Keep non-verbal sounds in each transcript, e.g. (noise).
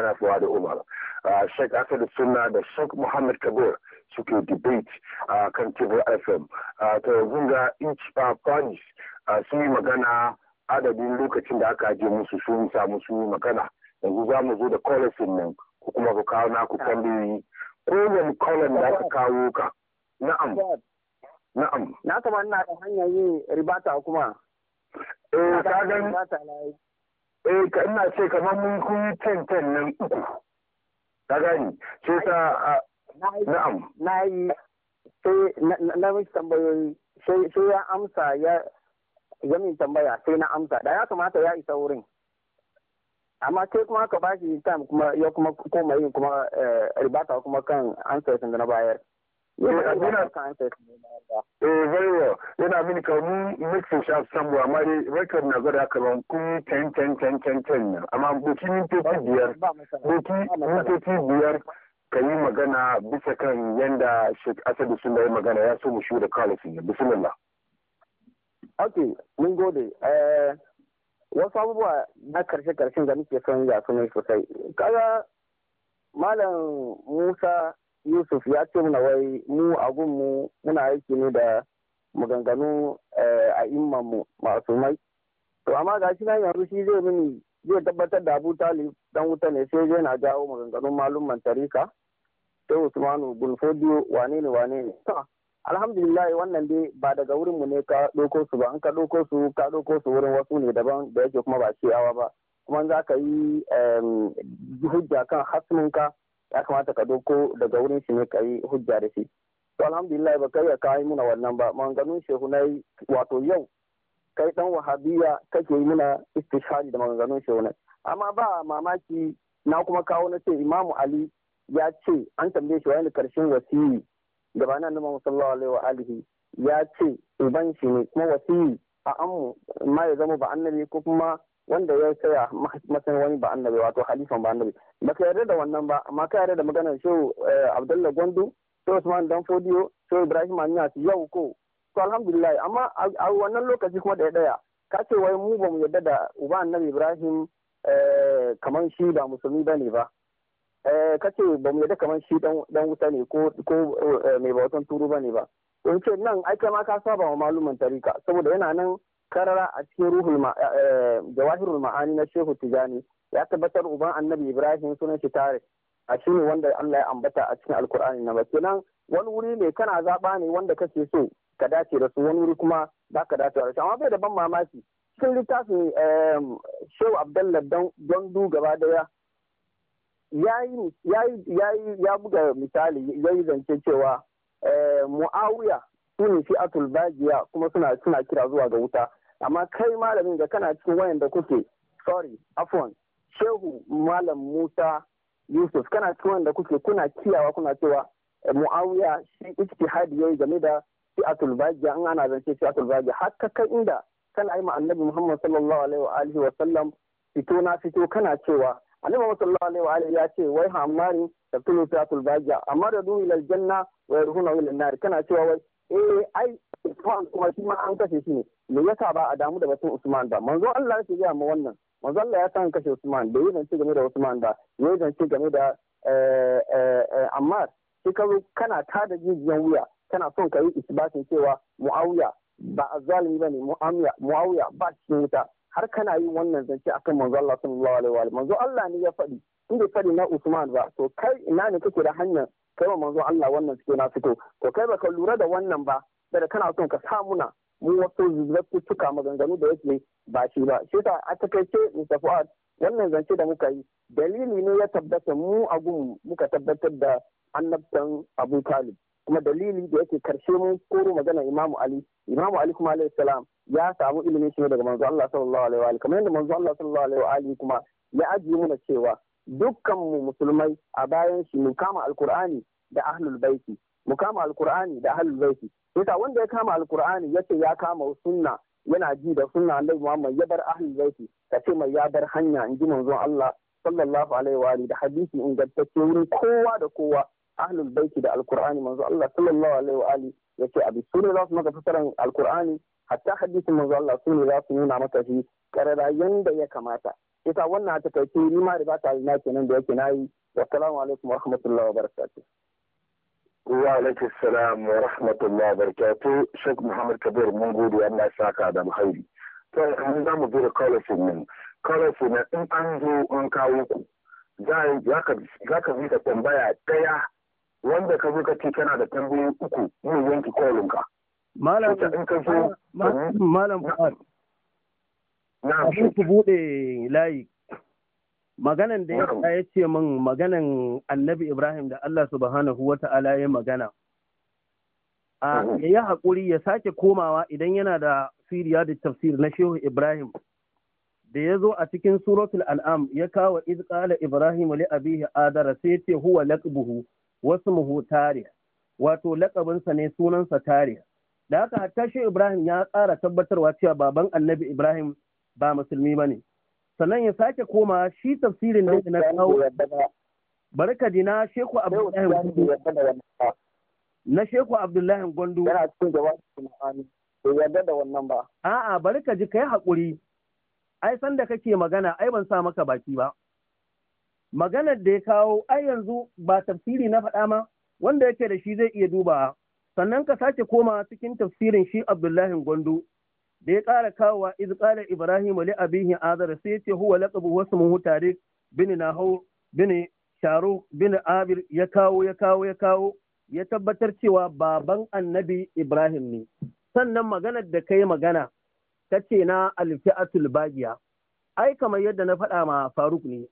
rana fuwa da umar shek asadu suna da shek muhammad kabir suke debate a kan tebur fm ta yanzu ga inch spanish sun yi magana adadin lokacin da aka ajiye musu sun samu su yi magana yanzu za mu zo da kolafin nan ko kuma ku kawo naku tambayoyi kowane kolon da aka kawo ka na'am na'am na kamar na da hanyar yin ribata kuma eh ka gani eh ka ina ce kamar mun kun ten ten nan uku ka gani ce sa na'am na yi sai na mishi tambayoyi sai ya amsa ya yamin tambaya sai na amsa da ya kamata ya isa wurin amma sai kuma ka ba shi time kuma ya kuma koma yin kuma eh, ribata kuma kan answer da na bayar Eh, yana mini kamar make for sharp samu amma record na gwada kamar kun 10 10 10 10 10 na amma boki mintoci biyar boki mintoci biyar ka yi magana bisa kan yanda Sheikh Asadu sun magana ya so mu shi da kalifin ya bismillah mun gode eh, wasu abubuwa na karshe karshen da muke son ya sunai sosai kaga malam Musa yusuf ya ce muna wai mu a mu muna aiki ne da maganganu eh, a imanmu masu mai to amma ga shi nan yanzu shi zai mini zai tabbatar da abu talib dan wuta ne sai zai na jawo maganganun malumman tarika ta usmanu gulfodiyo wane ne wane ne alhamdulillah wannan dai ba daga wurin mu ne ka doko su ba an ka doko su ka doko su wurin wasu ne daban da yake kuma ba shi awa ba kuma za ka yi eh, hujja kan hasminka ya kamata ka doko daga wurin shi ne ka yi hujja da shi to alhamdulillah ba kai ya kawo muna wannan ba maganganun shehu na yi wato yau kai dan wahabiya kake yi muna da maganganun shehu na amma ba mamaki na kuma kawo na ce imamu ali ya ce an tambaye shi wani karshen wasiyi gabanin annabi musallawa alaihi wa alihi ya ce uban shi ne kuma wasiyi a ammu ma ya zama ba annabi ko kuma wanda ya saya matsayin wani ba annabi wato halifan ba annabi ba ka yarda da wannan ba amma ka yarda da maganar shehu eh, abdullahi gwandu shehu usman dan fodiyo shehu ibrahim anyas yau ko to alhamdulillah amma a wannan lokaci kuma daya daya ka ce wai mu ba yarda da uba annabi ibrahim eh, kamar shi ba musulmi ba ne ba eh, ka ce ba mu yarda kamar shi dan wuta ne ko mai bautan turu ba ne ba to ce nan ai ma ka saba wa malumin tarika saboda yana nan karara a cikin ruhul eh, eh, jawahirul ma'ani na shehu tijani ya tabbatar uban annabi ibrahim sunan shi tare a shine wanda allah ya ambata a cikin alkur'ani na baki nan wani wuri ne kana zaɓa ne wanda kake so ka dace da su wani wuri kuma za ka dace da su amma bai da ban mamaki cikin littafin eh, shehu abdallah don du gaba daya ya buga misali ya yi zance cewa mu'awiya sun fi atul bagiya kuma suna kira zuwa ga wuta amma kai malamin da kana cikin wayanda kuke sorry afon shehu malam musa yusuf kana cikin wayanda kuke kuna kiyawa kuna cewa eh, muawiya shi hadi yau game da a bagiya in ana zance a bagiya haka kai inda kana yi ma annabi muhammad sallallahu alaihi wa alihi wa sallam fito na fito kana cewa annabi muhammad sallallahu alaihi wa alihi ya ce wai hamarin da tulu fi'atul amma da duhu ilal janna wa yarhuna ila nar kana cewa wai eh ai Usman kuma shi ma an kashe shi ne me yasa ba a damu da batun Usman ba manzo Allah yake gaya ma wannan manzo Allah ya san kashe Usman da yi zance game da Usman da ya zance game da eh, eh, eh, Ammar shi ka kana tada jijiyan wuya kana son ka yi isbatin cewa Muawiya ba azzalimi bane Muawiya Muawiya ba cikin wuta har kana yin wannan zance akan manzo Allah sallallahu alaihi wa manzo Allah ne ya faɗi in bai faɗi na Usman ba to kai ina ne kake da hanyar kai wa manzo Allah wannan suke na fito to kai baka lura da wannan ba da kana son ka samuna mu wasu zattuka maganganu da yake ba shi ba shi ta a takaice mista Fuad wannan zance da muka yi dalili ne ya tabbata mu a gun muka tabbatar da annabtan Abu Talib kuma dalili da yake karshe mun koro magana Imam Ali Imam Ali kuma alaihi salam ya samu ilimin shi daga manzo Allah sallallahu alaihi wa kamar yadda manzo Allah sallallahu alaihi wa kuma ya ajiye muna cewa dukkan mu musulmai a bayan shi mu kama alkur'ani da ahlul baiti mu kama alkur'ani da ahlul baiti Sita wanda ya kama alkur'ani ya ce ya kama sunna yana ji da sunna Allah Muhammad ya bar ahlul baiti ka ce mai ya bar hanya in ji manzon Allah sallallahu alaihi wa da hadisi ingantacce wurin kowa da kowa ahlul baiti da alkur'ani manzo Allah sallallahu alaihi wa ali yace abi sunna za su maka fasaran alkur'ani hatta hadisin manzo Allah sunna za su nuna maka shi karara yanda ya kamata ita wannan ta kai ni ma da ba ta kenan da yake nayi assalamu alaikum wa barakatuh wa alaikum salam wa rahmatullah barakatu sheikh muhammad kabir mun gode Allah saka da alkhairi to an za mu bi da kalafin nan kalafin nan in an zo an kawo ku za ka bi da tambaya daya wanda ka zo ka ce kana da tambayoyi uku mun yanki kolinka malam in ka zo malam fa'ad na ku bude layi maganan da ya ya ce min maganan annabi ibrahim da allah subhanahu wa ta'ala ya magana a ya yi haƙuri ya sake komawa idan yana da siriya da tafsir na shehu ibrahim da ya zo a cikin suratul al'am ya kawo iz ibrahim li abihi adara sai ce huwa laqabuhu wasu muhu tarih wato laƙabinsa ne sunansa tarih da haka hatta shi ibrahim ya tsara tabbatarwa cewa baban annabi ibrahim ba musulmi ba ne sannan ya sake koma shi tafsirin da na kawo barka dina sheku abdullahi gondu na sheku abdullahi gondu yana cikin jawabin bai yarda da wannan ba a'a barka ji kai hakuri ai san da kake magana ai ban sa maka baki ba maganar da ya kawo ai yanzu ba tafsiri na faɗa ma wanda yake da shi zai iya duba sannan ka sake koma cikin tafsirin shi abdullahi gondu da ya ƙara kawowa iz qala ibrahim li abihi azar sai ce huwa laqabu wasmuhu tariq bin nahu bin sharu bin abir ya kawo ya kawo ya kawo ya tabbatar cewa baban annabi ibrahim ne sannan maganar da kai magana ta ce na alfi'atul bagiya ai kamar yadda na faɗa ma faruk ne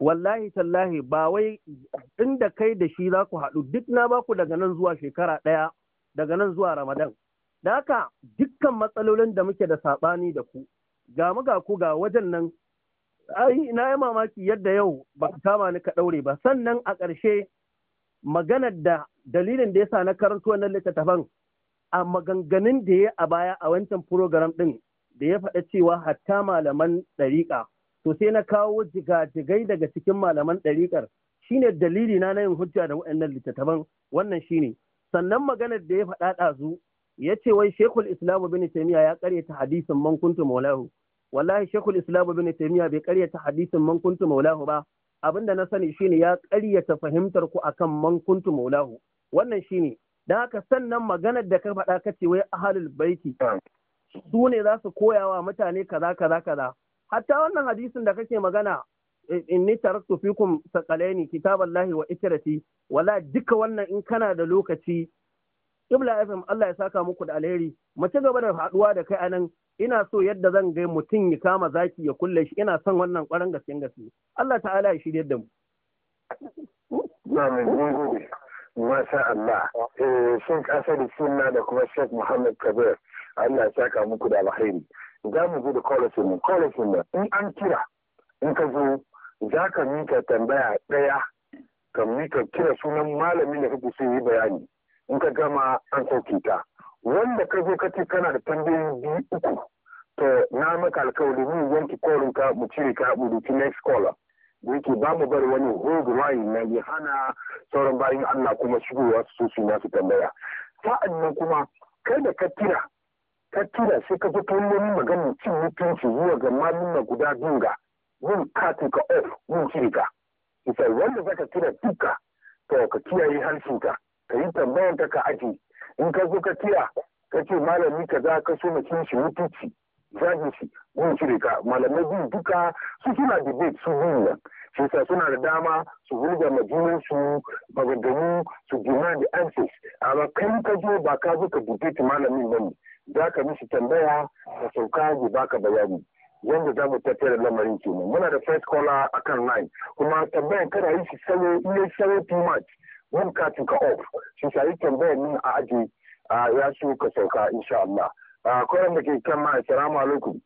wallahi tallahi ba wai inda kai da shi za ku haɗu duk na baku daga nan zuwa shekara ɗaya daga nan zuwa ramadan Daka, haka dukkan matsalolin da muke da saɓani da ku, ga mu ku ga wajen nan, ai na yi mamaki yadda yau ba ka kama ni ka ɗaure ba. Sannan a ƙarshe maganar da dalilin da ya sa na karanto wannan littattafan a maganganun da ya a baya a wancan program ɗin da ya faɗa cewa hatta malaman ɗariƙa. To sai na kawo jigajigai daga cikin malaman ɗariƙar shine dalili na na yin hujja da waɗannan littattafan wannan shine. Sannan maganar da ya faɗa ɗazu ya ce wai shekul islamu bin taimiya ya karyata hadisin man maulahu wallahi shekul islamu bin taimiya bai karyata hadisin man kuntu maulahu ba abinda na sani shine ya karyata fahimtar ku akan man maulahu wannan shine dan haka sannan maganar da ka faɗa kace wai ahlul baiti su ne za su koya wa mutane kaza kaza kaza hatta wannan hadisin da kake magana inni taraktu fikum saqalaini kitaballahi wa itrati wala duka wannan in kana da lokaci Ibla FM Allah ya saka muku da alheri. Mu ci gaba da haɗuwa da kai anan ina so yadda zan ga mutum ya kama zaki ya kulle shi ina son wannan kwaran gaske gaske. Allah ta'ala ya shirye da mu. Masha Allah, eh, Sheikh Asadi Sunna da kuma Sheikh Muhammad Kabir, Allah ya saka muku da alheri. Za mu zo da kolofin mu, kolofin mu, in an kira, in ka zo, za ka mika tambaya ɗaya, ka mika kira sunan malamin da kake so yi bayani. in ka gama an sauke ta wanda ka zo ka kana da tambayoyi biyu uku to na maka alkawari mu yanke korin ka mu cire ka mu duki next caller da yake ba mu bari wani hold line na ya hana sauran bayan Allah kuma shigowa su su na su tambaya sa'an nan kuma kada ka kira ka kira sai ka zo kallon maganar cin mutunci zuwa ga malama guda biyu ga yin katin ka off yin cire ka wanda zaka kira duka to ka kiyaye harshen ka ka yi tambayan ta ka ake in ka zo ka kira ka ce malami ka za ka so mutum shi mutunci zagin shi gun cire ka malamai biyu duka su suna debate su biyu nan shi sa suna da dama su hulga majunan su maganganu su demand answers amma kai ka zo ba ka zo ka debate malamin nan za ka mishi tambaya ka sauka ya baka bayani yanda za mu tafiya da lamarin kenan muna da first caller akan line kuma tambayan kada yi shi sayo iya sayo too much wani ka tuka off shi sa yi tambayar nan a aji ya so ka sauka insha Allah kwaran da ke kan ma assalamu alaikum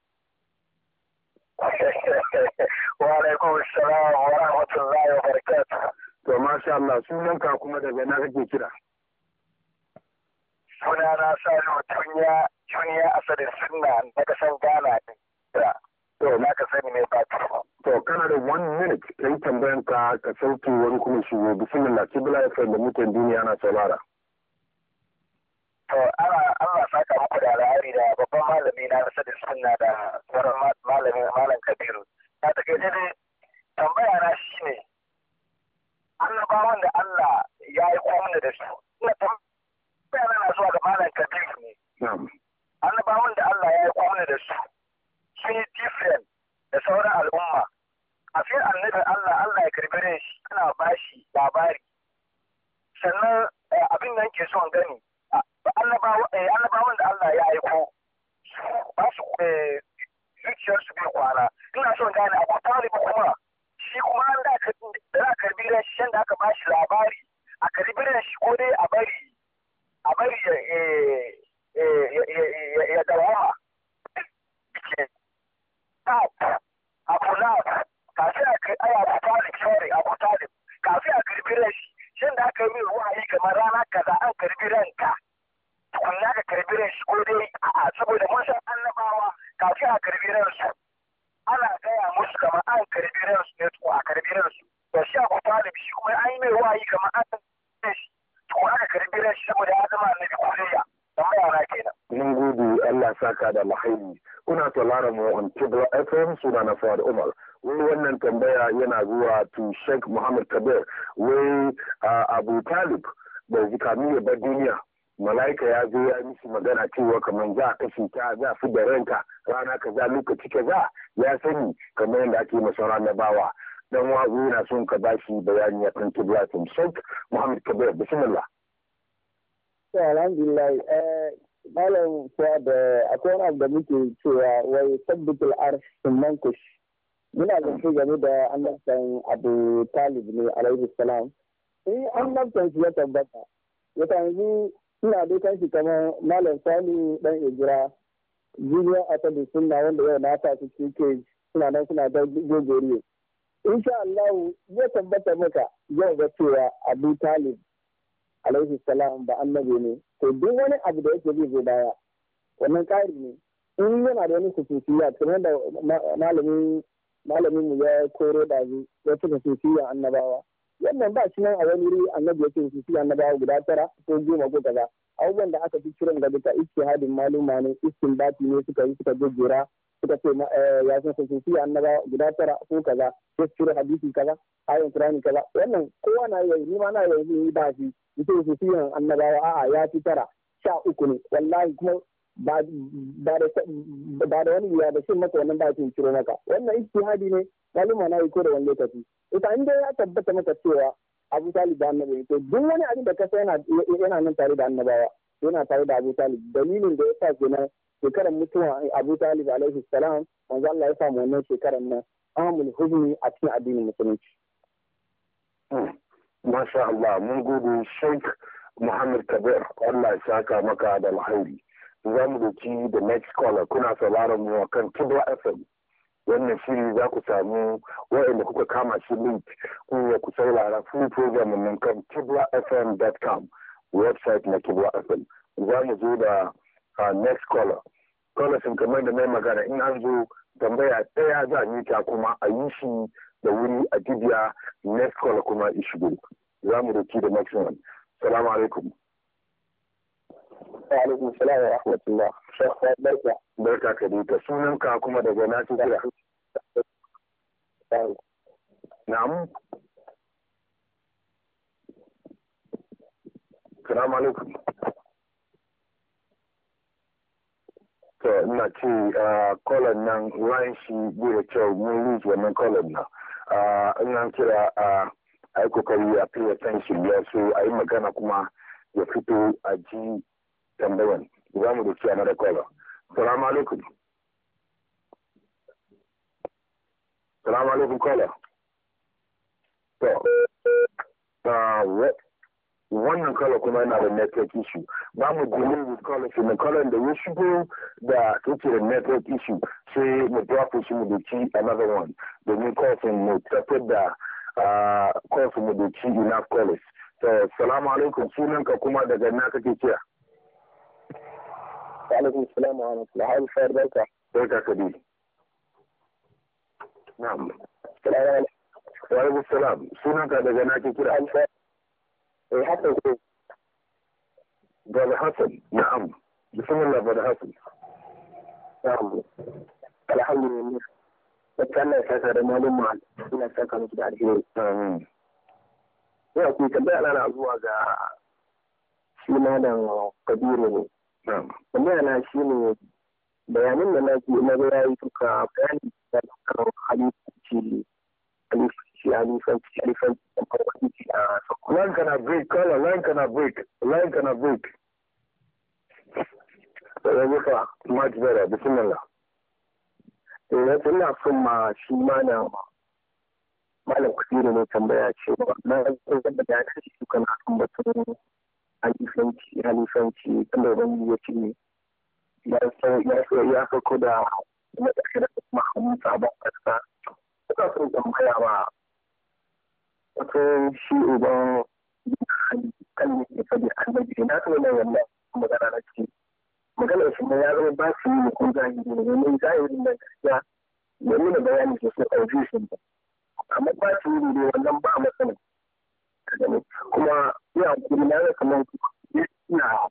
(laughs) wa alaikum assalam wa rahmatullahi wa barakatuh to sha Allah sunan ka kuma daga na kake kira suna na salo tunya tunya asalin sunna na kasan Ghana to na ka sani ne ba To kana da one minute ka yi tambayan ka ka sauke wani kuma shigo bismillah kibla FM da mutan duniya na saurara. To Allah Allah saka muku da alheri da babban malami na Sadin Sunna da sauran malamin Malam Kabiru. ta take dai tambaya na shine annabawan da Allah ya yi komai da su. Ina tambaya na zuwa ga Malam Kabiru ne. Annabawan da Allah ya yi komai da su sun yi different da sauran al'umma a fi annabin Allah Allah ya karbi shi ana bashi labari sannan abin nan ke son gani annabawan da Allah ya aiko ba su zuciyarsu bai kwana ina son gane abu talib kuma shi kuma an da za karbi shi yadda aka bashi labari a karbi shi ko dai a bari a bari ya dawama abu na kafin a kai aya abu talib sorry abu talib kafin a karbi rashi shin da aka yi min wahayi kamar rana kaza an karbi ranka tukunna ka karbi rashi ko dai a'a saboda mun san annabawa kafin a karbi ransu ana gaya musu kamar an karbi ransu ne to a karbi ransu da shi abu talib shi kuma an yi mai wahayi kamar an karbi rashi to ka karbi rashi saboda ya zama annabi kuriya yara kenan. Mun gudu Allah saka da alhairi. Kuna lara mu on Kibra FM suna na Fuad Umar. Wai wannan tambaya yana zuwa to Sheikh Muhammad Kabir. Wai Abu Talib bai zika kamiya ba duniya. Malaika ya zo ya mishi magana cewa kamar za a kashe ta za fi da ranka rana ka kaza lokaci za? ya sani kamar yadda ake masa ranar bawa. Dan wazo yana son ka bashi bayani akan Kibra Sheikh Muhammad Kabir bismillah. To alhamdulillah eh, malam kuwa da akwai wani abu da muke cewa wai sabbitul arsh sun mankush. muna zance game da annabtan abu talib ne alaihi salam in eh, annabtan shi ya tabbata ya yanzu suna dokan shi kamar malam sani dan ijira junior atabi sunna wanda yau na ta su cikin suna nan suna da gogoriyo insha Allah ya tabbata maka yau ga cewa abu talib alaihi salam ba annabi ne to duk wani abu da yake zai zo baya wannan ƙari ne in yana da wani kusurciya kamar da malamin malamin mu ya koro da zu ya ci kusurciya annabawa wannan ba shi nan a wani wuri annabi ya ce kusurciya annabawa guda tara ko goma ko kaza abubuwan da aka fi kiran da duka ijtihadin maluma ne bati ne suka yi suka jejjera suka ce eh, ya san kusurciya annabawa guda tara ko kaza ko cire hadisi kaza ayin kurani kaza wannan kowa na yayi ni ma na yayi ni ba shi mutum su fiye annabawa a'a ya fi tara sha uku ne wallahi kuma ba da wani wuya da shin maka wannan ba ki ciro maka wannan hadi ne maluma na yi ko da wani lokaci ita in dai ya tabbata maka cewa abu talib da annabi to duk wani abin da kasa yana yana nan tare da annabawa yana tare da abu talib dalilin da ya sa kenan shekarar mutuwa abu talib alaihi salam manzo Allah ya samu wannan shekarar nan amul hudumi a cikin addinin musulunci hmm. Masha Allah mun gode Sheikh Muhammad Kabir Allah ya saka maka da alheri Za mu doki da next caller kuna sauraron mu kan Kibra FM. Wannan shiri za ku samu waɗanda kuka kama shi link kuma ku saurara full program nan kan kibrafm.com website na Kibra FM. Za mu zo da uh, next caller. Caller sun kamar da mai magana in an zo tambaya ɗaya za a ta kuma a yi shi da wuri a dibiya next call kuma ishigo za mu roki da maximum salamu alaikum alaikum salamu rahmatullah barka barka ka dai sunan ka kuma daga na ci kira na'am salamu alaikum ina ce kolon ah, nan ruwan shi bai kyau mun lose wannan kolon nan in an kira a yi kokari a fiye kan ya so a yi magana kuma ya fito a ji tambayan za mu da kiyana da kwallo salamu alaikum salamu alaikum kwallo to uh, wannan kala kuma yana da network issue ba mu dealing with kala shi na kala da ya shigo da take da network issue sai mu drop shi mu doki another one domin kofin mu tafiyar da kofin ah, mu doki enough college to salamu alaikum sunan ka kuma daga na kake kiya alaikum salam wa rahmatullahi wa barakatuh barka ka kadi na'am salamu alaikum wa alaikum salam sunan ka daga na kake kira eh haka ko bal hasan na'am bismillah bal hasan na'am alhamdulillah Allah ya saka da malum mal ina saka miki da alheri amin ya ku tambaya na zuwa ga shi na malam kabiru ne tambaya na shi ne bayanin da na ke na ga yayi duka bayani da kan halittu ce halittu ci a nisan ci a nisan a sako. Line kana break, kala line kana break, line kana break. Yanzu ka much better, bismillah. Yanzu eh, ina son ma shi ma na malam kuɗi da mai tambaya cewa na zan da ya kashe su kan akan batun halifanci halifanci kan da wani ya ce ya san ya da kuma tambaya ba Akwai shi uban kalmi ya fadi annabi na so ne wannan magana na ciki magana shi ne ya zama ba su yi ko zahiri ne ne zahiri na gaskiya ya nuna bayani sosai a wajen shi ba amma ba su yi ne wannan ba matsala kuma ya kuma na ga kamar na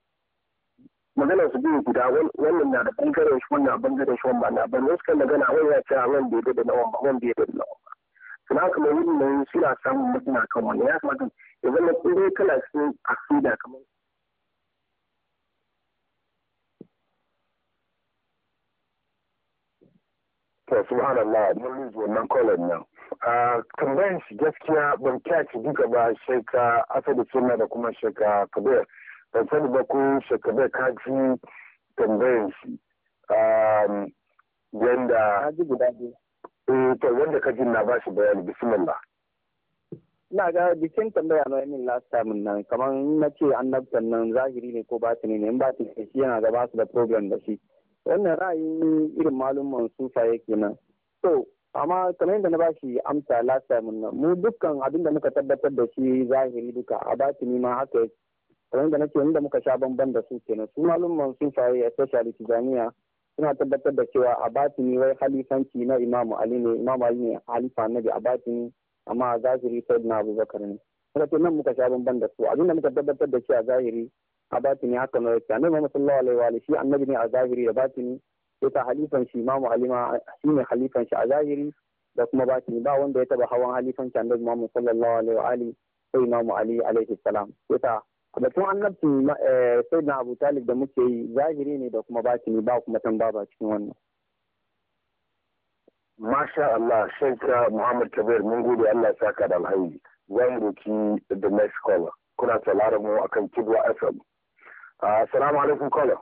magana su biyu guda wannan na da bangaren shi wannan bangaren shi wannan na bangaren su kan magana wani ya ce wani bai da nawan ba wani bai da nawan ba na kuma mai yin mai suna samun mutum a kan wani ya kamata ya zama tsere kana cikin asida kamar to subhanallah mun lose wannan kolon nan ah, tambayan shi gaskiya ban kyaci duka ba sheka asali suna da kuma shaika kabir ban sani ba ko shaika bai kaji tambayan shi ah, yanda guda biyu eh to wanda ka jin na ba shi bayani bismillah ina ga bikin tambaya na min last time nan kamar na ce annabtan nan zahiri ne ko batini ne in batini ne shi yana da su da problem da shi wannan ra'ayin irin malumman sufa yake nan to amma kamar yadda na ba shi amsa last time nan mu dukkan abinda muka tabbatar da shi zahiri duka a batini ma haka yake kamar yadda na ce inda muka sha bamban da su kenan su malumman sufa especially tijaniya suna tabbatar da cewa a batini wai halifanci na imamu ali ne imamu ali ne halifa annabi a batini amma a zahiri sai na abubakar ne kuma ke nan muka sha bamban da su abinda muka tabbatar da cewa zahiri a batini haka ne yake annabi muhammad sallallahu alaihi wa alihi shi annabi ne a zahiri da batini yasa halifan shi imamu ali ma shi ne halifan shi a zahiri da kuma batini ba wanda ya taba hawan shi annabi muhammad sallallahu alaihi wa alihi sai imamu ali alaihi salam yasa batun annabcin eh, sai na abu talib da muke yi zahiri ne da kuma ne ba kuma tamba ba cikin wannan masha Allah shaika Muhammad Kabir mun gode Allah saka da alhaji zan roki the next caller kuna tsalara mu akan Kibwa FM ah, assalamu alaikum caller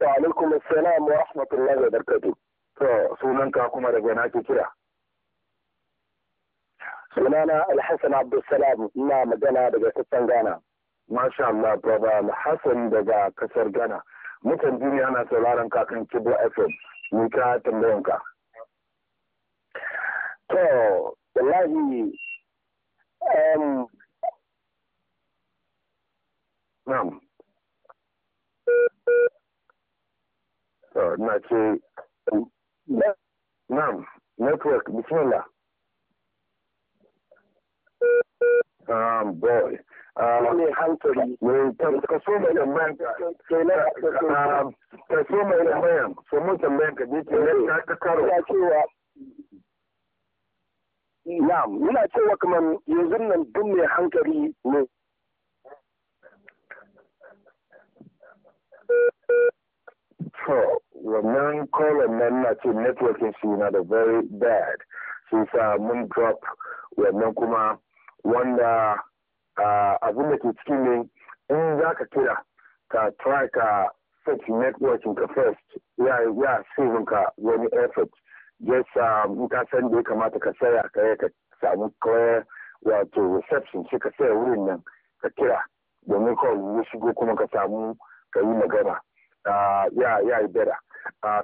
wa alaikum assalam wa rahmatullahi wa barakatuh to sunan ka kuma daga na ke kira sunana alhassan abdulsalam ina magana daga sassan ghana masha allah baba alhassan daga kasar ghana mutan duniya na sauraron kakan kibo fm ni ka to wallahi um, Na ce, network, bismillah. Um, boy um, mai hankali ka um, so mai tambayan ka so mun tambayan ka je kenan ka karo ya cewa na'am yana cewa kamar yanzu nan duk mai hankali ne to wannan kolon nan na ce networking shi na da very bad shi sa mun drop wannan kuma wanda abin da ke cikin ne in za ka kira ka try ka set networking ka first ya ya saving ka wani effort just um, in ka san da ya kamata ka saya ka ka samu kawai wato reception sai ka saya wurin nan ka kira domin kawai ya shigo kuma ka samu ka yi magana ya ya yi bera.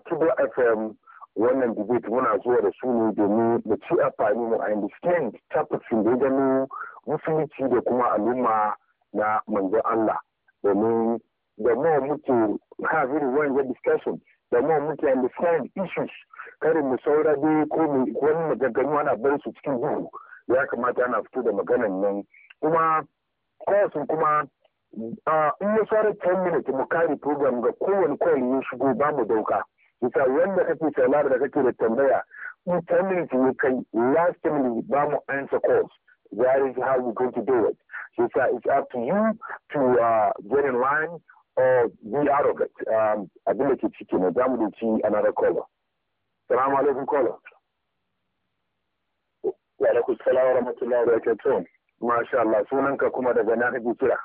Tubo FM wannan debate muna zuwa da su ne domin mu ci amfani mu a understand tabbacin da ya gano musulunci da kuma al'umma na manzon Allah domin da mu muke have irin discussion da mu muke understand issues karin mu saura dai ko wani maganganu ana bar su cikin duhu ya kamata ana fito da maganan nan kuma kowasu kuma ah, in ya sauran 10 minutes mu kare program ga kowane kwayoyin shigo ba mu dauka Bisa wanda kake saurara da kake da tambaya, in 10 minutes will last 10 minutes, Bama answer calls. That is how we're going to do it. So it's, up to you to uh, get in line or be out of it. Um, I keep it's chicken. I'm going to see another caller. Salam alaikum caller. Wa alaikum salam wa rahmatullahi wa barakatuh. Masha Allah. Sunanka kuma daga na kake kira.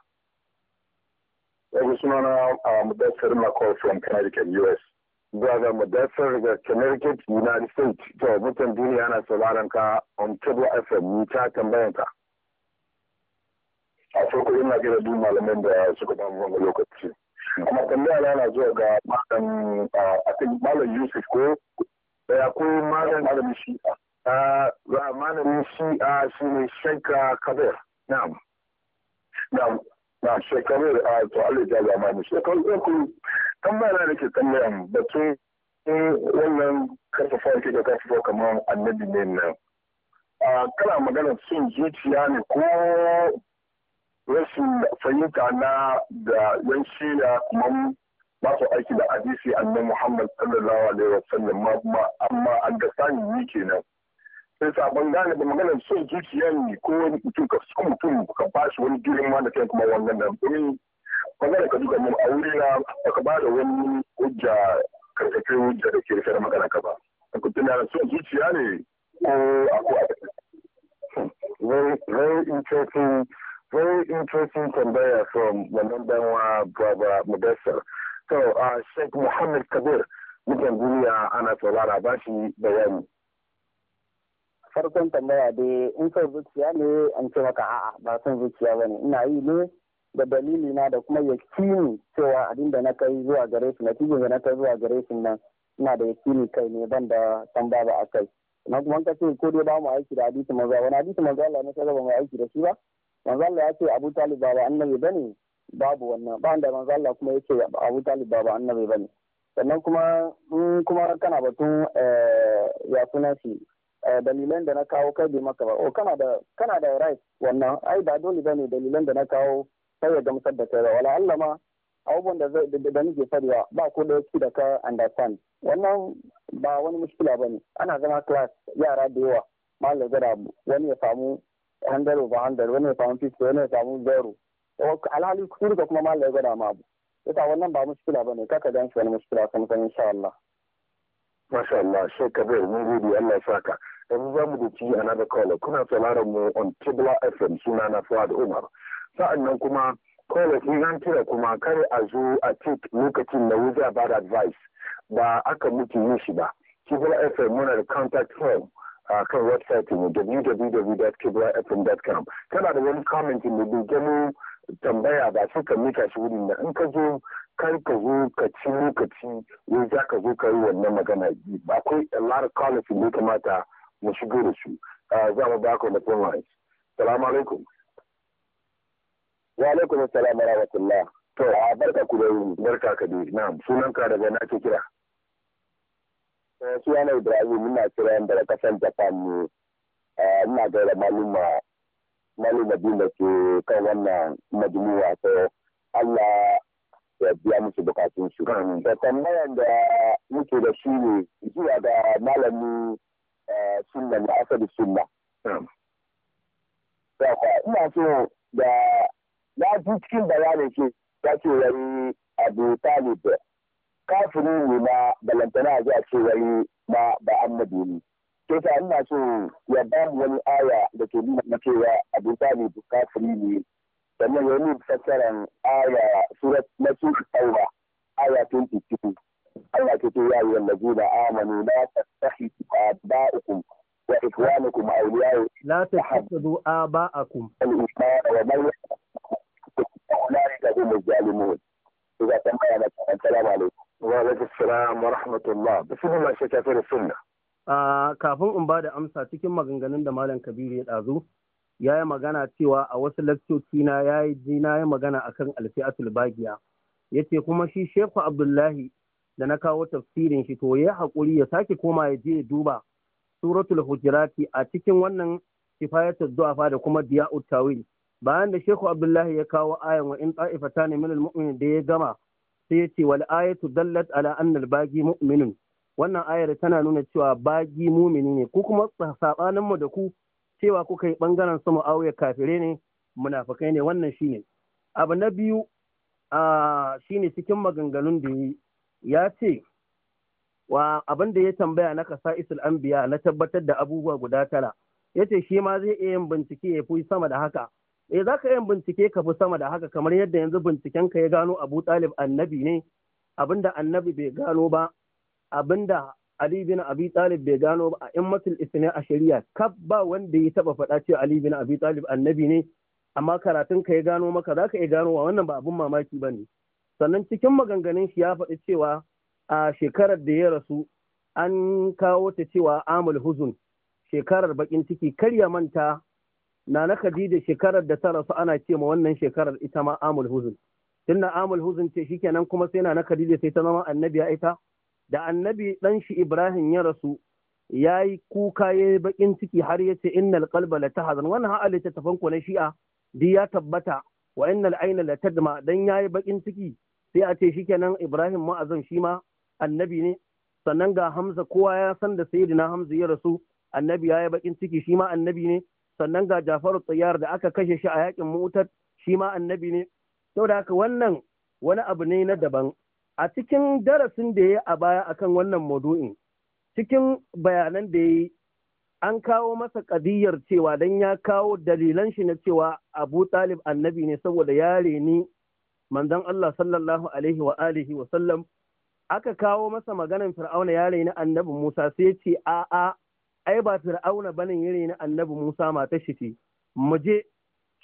Yanzu sunana uh, Mudassar Makol from Connecticut, U.S. zuwa ga madasar daga Connecticut United States. To, mutum duniya na sauraron ka on Tabo FM, ni ta tambayan ka. A farko ina gina duk malamin da suka damu wani lokaci. Kuma tambaya na zuwa ga malam a cikin malam Yusuf ko ya ko malam malamin shi'a. Za malamin shi'a shi ne Shaika Kabir. Na'am. Na'am. Na shekarar a to Allah ya jama'a shekaru uku tambaya da ke tambayan batun wannan karfafa ke da karfafa kamar annabi ne nan kana magana cin zuciya ne ko rashin fahimta na da yan shiya kuma ba su aiki da hadisi annabi Muhammad sallallahu alaihi wasallam amma amma an ga sani ni kenan sai sabon gane da magana son zuciya ne ko wani mutum ka so mutum ka ba shi wani girma da kai kuma wannan nan domin magana ka duka mun aure na baka ba da wani hujja karkace hujja da ke rufe da magana ka ba ku tuna son zuciya ne ko a very very interesting very interesting tambaya from wannan danwa baba mudassar so uh, sheikh muhammad kabir mutan duniya ana saurara ba shi bayani farkon tambaya dai in son zuciya ne an ce maka a'a ba son zuciya ba ne ina yi ne da dalili na da kuma yakini cewa abin da na kai zuwa gare na cikin da na kai zuwa gare su nan ina da yakini kai ne ban da san ba a kai na kuma ka ce ko dai ba mu aiki da hadisi maza wani hadisi maza Allah ne kaga ba mu aiki da shi ba manzo Allah ya ce Abu Talib ba annabi bane babu wannan ba da manzo Allah kuma yake Abu Talib ba annabi bane sannan kuma in kuma kana batun eh, ya sunan shi eh, dalilan da na kawo kai bai maka ba o oh, kana da kana da right wannan ai ba dole bane dalilan da na kawo sai ya gamsar da kai ba wala Allah ma abubuwan da da nake faruwa ba ko da yake da ka understand wannan ba wani mushkila bane ana zama class yara da yawa malam gada wani ya samu 100 over 100 wani ya samu 50 wani ya samu 0 alhali kusur da kuma malam gada ma abu yasa wannan ba mushkila bane kaka gan shi wani mushkila kan san insha Allah Masha Allah, Sheikh Kabir, mun gode Allah ya saka. Yanzu za mu da ci another caller. Kuna sauraron mu on Tibla FM suna na Fuad Umar. sa'annan kuma kawai in tura kuma kare a zo a ce lokacin da wuza bad advice ba aka muke yin shi ba kibla fm muna da contact form a kan website mu www.kiblafm.com tana da wani comment da gano tambaya ba sai ka mika shi wurin da in ka zo kar ka zo ka ci lokaci wai za ka zo ka yi wannan magana ba akwai a lot of da ya kamata mu shigo da su ah, za mu ba ka na phone lines salamu alaikum Wa alaikum assalam wa rahmatullah. To, a barka ku dai yini. Barka ka dai. Na'am, sunan ka daga na ke kira. Eh, Suna Ibrahim ina kira daga kasan Japan ne. Eh, ina gaira maluma maluma biyu da ke kan wannan majmuwa to Allah ya biya musu bukatun su. Da tambayan da muke da shi ne zuwa ga malami eh, sunna na asali sunna. Ina so da na fi cikin bayanin shi ya ce wani abu talib kafiri ne na balantana za a ce wani na ba annabi ne ke ta ina so ya ba mu wani aya da ke nuna na cewa abu talib kafiri ne sannan ya nuna fassaran aya surat na surat tauba aya 22 Allah ke ce ya yi wallazina amanu la a aba'akum wa ikhwanakum awliya la tattakhidu aba'akum al-islam wa man أولئك هم الظالمون إذا تم السلام عليكم وعليكم السلام ورحمة shi ta الله شكاكير السنة kafin in ba da amsa cikin maganganun da Malam Kabiru ya ɗazu, ya yi magana cewa a wasu lakcoci na ya yi ji na magana akan alfi'atul bagiya. Ya ce kuma shi Shehu Abdullahi da na kawo tafsirin shi to ya haƙuri ya sake koma ya je ya duba suratul hujirati a cikin wannan kifayatul du'afa da kuma diya'ut tawil bayan da Shehu Abdullahi ya kawo ayan wa in ta'ifatani min al-mu'minin da ya gama sai ya ce wal ayatu dallat ala anna al wannan ayar tana nuna cewa bagi mumini ne ku kuma sabanin mu da ku cewa kuka yi bangaren su auya kafire ne munafikai ne wannan shine abu na biyu a shine cikin maganganun da yi ya ce wa abin da ya tambaya na kasa isul anbiya na tabbatar da abubuwa guda tara ce shi ma zai iya yin bincike ya fi sama da haka eh za ka yin bincike ka fi sama da haka kamar yadda yanzu binciken ka ya gano abu talib annabi ne abinda annabi bai gano ba abinda ali bin abi talib bai gano ba a immatul isna a shari'a kab ba wanda ya taba faɗa cewa ali bin abi talib annabi ne amma karatun ka ya gano maka za ka iya gano wa wannan ba abin mamaki ba ne sannan cikin maganganun shi ya faɗi cewa a shekarar da ya rasu an kawo ta cewa amul huzun shekarar bakin ciki kar ya manta Nana Khadija shekarar da ta rasu ana ce ma wannan shekarar ita ma Amul Huzun. Tunda Amul Huzun ce shikenan kuma sai Nana Khadija sai ta zama annabi ita. Da annabi dan shi Ibrahim ya rasu ya yi kuka ya yi bakin ciki har ya ce innal qalba la tahzan wannan har littattafan ku na Shi'a di ya tabbata wa innal aina la tadma dan yayi bakin ciki sai a ce shikenan Ibrahim ma'azan shi ma annabi ne sannan ga Hamza kowa ya san da sayyidina Hamza ya rasu annabi yayi bakin ciki shi ma annabi ne sannan ga Jafaru tsayar da aka kashe shi a yakin Mu'tar shi ma annabi ne saboda haka wannan wani abu ne na daban a cikin darasin da ya a baya akan wannan maudu'in cikin bayanan da ya an kawo masa kadiyar cewa dan ya kawo dalilan shi na cewa Abu Talib annabi ne saboda ya reni manzon Allah sallallahu alaihi wa alihi wa sallam aka kawo masa maganar Fir'auna ya reni annabi Musa sai ya ce a'a ai ba fir'auna bane ya reni annabi Musa matar shi ce mu je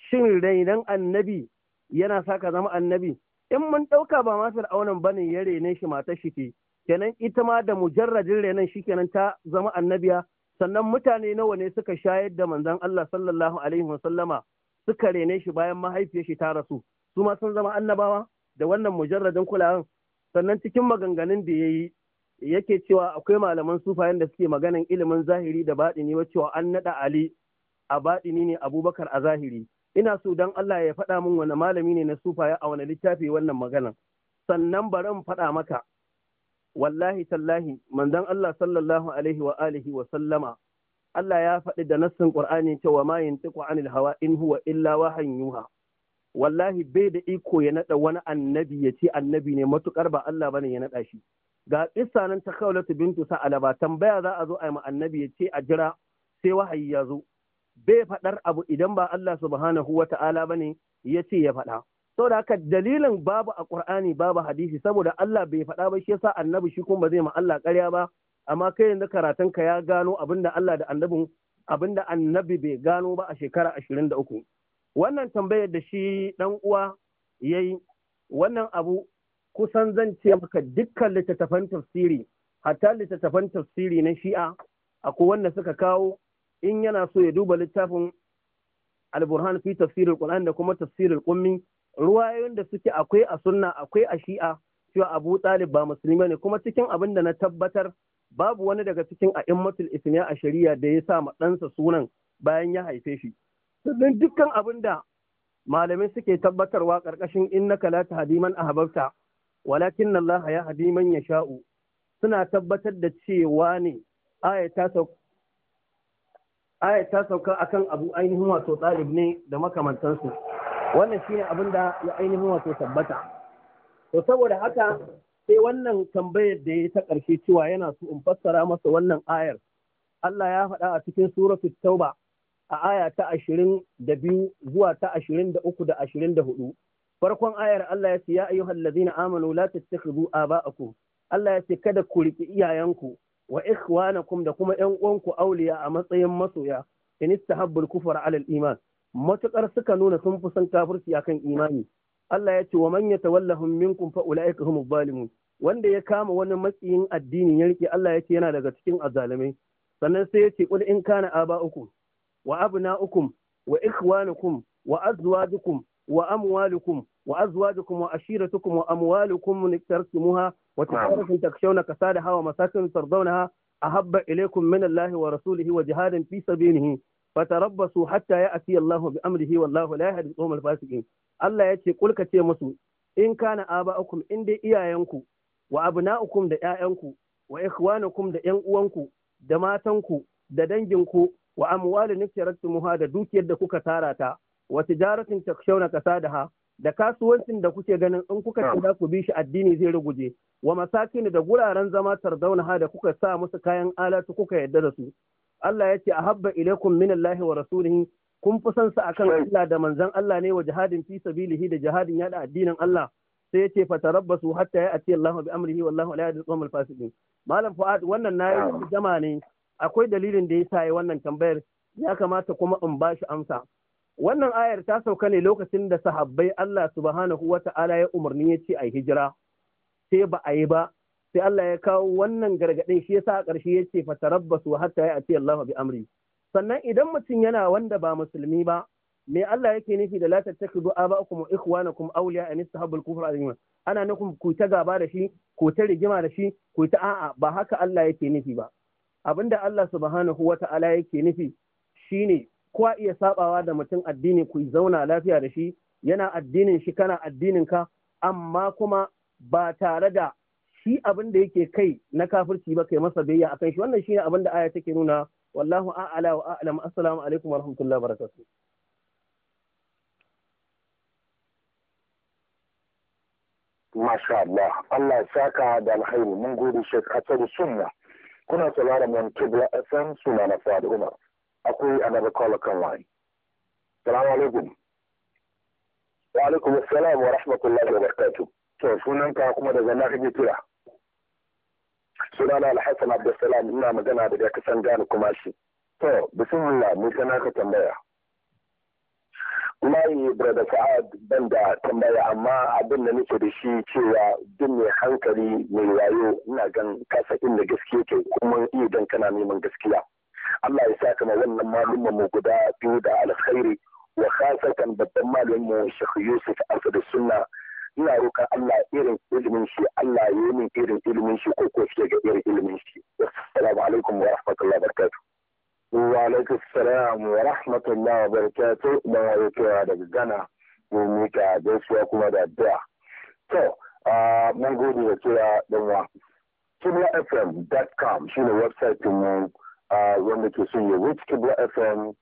shin rainan annabi yana sa ka zama annabi in mun ɗauka ba ma fir'aunan bane ya rene shi matar shi ce kenan ita ma da mujarradin renan shi kenan ta zama annabiya sannan mutane nawa ne suka shayar da manzon Allah sallallahu alaihi wasallama suka rene shi bayan mahaifiyar shi ta rasu su ma sun zama annabawa da wannan mujarradin kulawan sannan cikin maganganun da ya yi yake cewa akwai malaman sufayen da suke maganan ilimin zahiri da baɗini wa cewa an naɗa Ali a baɗini ne Abubakar a zahiri. Ina so don Allah ya faɗa min wani malami ne na sufaye a wani littafi wannan maganan. Sannan bari in faɗa maka. Wallahi tallahi manzon Allah sallallahu alaihi wa alihi wa sallama Allah ya faɗi da nassin Qur'ani cewa ma yantiqu anil hawa in huwa illa wahan yuha. Wallahi bai da iko ya naɗa wani annabi ya ce annabi ne matukar ba Allah bane ya naɗa shi. ga kissa nan ta kaulatu bintu ba tambaya za a zo a yi annabi ya ce a jira sai wahayi ya zo bai faɗar abu idan ba Allah subhanahu wa ta'ala ba ne ya ce ya faɗa. Saboda haka dalilin babu a Ƙur'ani babu hadisi saboda Allah bai faɗa ba shi yasa annabi shi kuma ba zai ma Allah ƙarya ba amma kai yanzu karatun ka ya gano abinda Allah da annabin abinda annabi bai gano ba a shekara ashirin da uku. Wannan tambayar da shi dan uwa ya yi wannan abu kusan zan ce maka dukkan littattafan tafsiri hatta littattafan tafsiri na shi'a akwai wanda suka kawo in yana so ya duba littafin alburhan fi tafsirin quran da kuma tafsirin qummi ruwayoyin da suke akwai a sunna akwai a shi'a cewa abu talib ba musulmi ne kuma cikin abin da na tabbatar babu wani daga cikin a'immatul isniya a shari'a da ya sa maɗansa sunan bayan ya haife shi sannan dukkan abin da malamai suke tabbatarwa ƙarƙashin innaka la tahdi a ahbabta walakin Allah ya hadi man ya sha'u suna tabbatar da cewa ne aya ta sauka a kan abu ainihin wato ɗalib ne da makamantansu wannan shine abin da ya ainihin wato tabbata to saboda haka sai wannan tambayar da ya ta ƙarshe cewa yana so in fassara masa wannan ayar Allah ya faɗa a cikin suratul tauba a aya ta ashirin da biyu zuwa ta ashirin da uku da ashirin da hudu farkon ayar Allah ya ce ya ayyuhal ladina amanu la tattakhidhu aba'akum Allah ya ce kada ku riki iyayenku wa ikhwanakum da kuma ƴan uwanku auliya a matsayin masoya in istahabbul kufra ala iman matukar suka nuna sun fi son kafirci akan imani Allah ya ce wa man yatawallahum minkum fa ulaika humuz zalimun wanda ya kama wani matsiyin addini ya rike Allah ya ce yana daga cikin azalimai sannan sai ya ce qul in kana aba'ukum wa abna'ukum wa ikhwanukum wa azwajukum wa amwalukum وأزواجكم وأشيرتكم وأموالكم اقترفتموها وتجارة تخشون كسادها ومساكن ترضونها أحب إليكم من الله ورسوله وجهاد في سبيله فتربصوا حتى يأتي الله بأمره والله لا يهدي القوم الفاسقين الله يتي قل كتي مسو إن كان آباؤكم إن دي إيايانكو وأبناؤكم دي إيايانكو وإخوانكم دي إيانكو دماتنكو da danginku wa amwalin nufsirattu muha da dukiyar da kuka tara ta wa tijaratin takshawna kasadaha da kasuwancin da kuke ganin in kuka ce za ku bi shi addini zai ruguje wa masakin da guraren zama tarzauna ha da kuka sa musu kayan alatu kuka yadda da su Allah ya ce a habba ilaikum min Allah wa rasulihi kun fi son sa akan Allah da manzon Allah ne wa jihadin fi sabilihi da jihadin yada addinin Allah sai ya ce fatarabbasu hatta ya ati Allah bi amrihi wallahu la yahdi al fasidin malam fuad wannan nayi jama'a ne akwai dalilin da yasa yi wannan tambayar ya kamata kuma in ba shi amsa wannan ayar ta sauka ne lokacin da sahabbai Allah subhanahu wa ta'ala ya umarni ya ce a hijira sai ba a yi ba sai Allah ya kawo wannan gargaɗin shi yasa a ƙarshe ya ce fatarabbasu hatta ya ce Allah bi amri sannan idan mutum yana wanda ba musulmi ba me Allah yake nufi da la tattakidu aba'akum wa ikhwanakum awliya an istahabbul Kufar, alayhim ana nufin ku ta gaba da shi ku ta rigima da shi ku ta a'a ba haka Allah yake nufi ba abinda Allah subhanahu wa ta'ala yake nufi shine kowa iya sabawa da mutum addini ku zauna lafiya da shi yana addinin shi kana addinin ka amma kuma ba tare da shi abin da yake kai na kafirci ba kai masa biyayya akan shi wannan shine abin da aya take nuna wallahu a'ala wa a'lam assalamu alaikum wa rahmatullahi wa barakatuh Masha Allah, Allah saka da alhairi mun gode Sheikh Asadu Sunna. Kuna sauraron Kibla FM suna na Fuad Umar. akwai another caller kan wani. Salamu alaikum. Wa alaikum assalam wa rahmatullahi wa barakatuh. To ka kuma da zama kake kira. Sunana Alhassan Abdulsalam ina magana daga kasan Ghana kuma shi. To bismillah mun kana ka tambaya. Layi Brada Sa'ad ban da tambaya amma abin da nake da shi cewa duk mai hankali mai wayo ina gan kasa inda gaske ke kuma iya dan kana neman gaskiya. Allah ya saka ma wannan malumma mu guda biyu da alkhairi wa khasatan babban malumin mu Sheikh Yusuf Asad Sunna ina roƙa Allah irin ilimin shi Allah ya yi irin ilimin shi ko ko shi ga irin ilimin shi assalamu alaikum wa rahmatullahi wa barakatuh wa alaikum assalam wa rahmatullahi wa barakatuh da wa kewa daga Ghana mu mika gaisuwa kuma da addu'a to mun gode da kira dan wa kimlafm.com shine website mu Uh, wanda ke son ya wuce kibla fm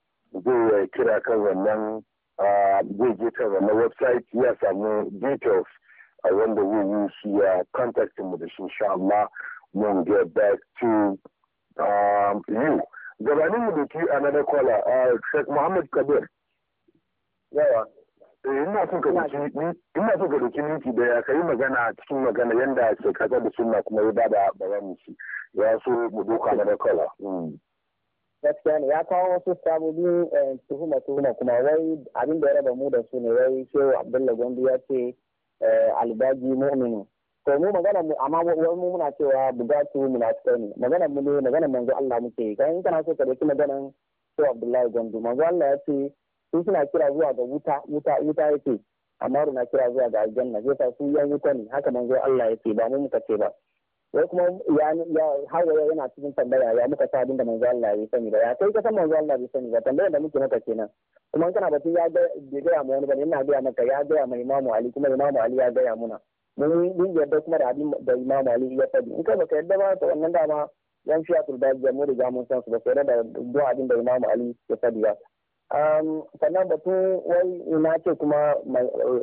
zai kira kan wannan uh, zai je kan wannan website ya samu details uh, wanda zai yi shi ya contact mu da shi insha Allah mun get back to um, you gabanin mu da ki another caller uh, Sheikh Muhammad Kabir yawa yeah. Eh, ina so ka doki minti daya ka yi magana cikin magana yadda ke kaza da suna kuma ya bada bayanin shi ya so mu doka na da kala hmm. gaskiya ne ya kawo wasu sabobin eh, tuhuma tuhuma kuma wai abin da ya raba mu da su ne wai shehu abdullahi Gombe ya ce eh, albaji mu'minu to mu magana mu amma wai mu muna cewa bugatu munafikai ne magana mu ne magana manzo Allah muke kan in kana so ka doki maganan shehu abdullahi Gombe manzo Allah ya ce su suna kira zuwa ga wuta wuta wuta yake amma na kira zuwa ga aljanna zai ta su yan wuta ne haka manzo Allah yake ba mu muka ce ba wai kuma ya ya yau yana cikin tambaya ya muka sa abin da manzo Allah ya sani da ya kai san manzo Allah ya sani ba tambayar da muke maka kenan kuma kana batun ya ga bai gaya mu wani bane ina gaya maka ya gaya mai Imamu Ali kuma Imamu Ali ya gaya muna mun mun yadda kuma da abin da Imamu Ali ya faɗi in kai baka yadda ba to wannan dama yan shi'a turbaji mu riga mun san su ba sai da duk abin da Imamu Ali ya faɗi ba sannan batun wai ina ce kuma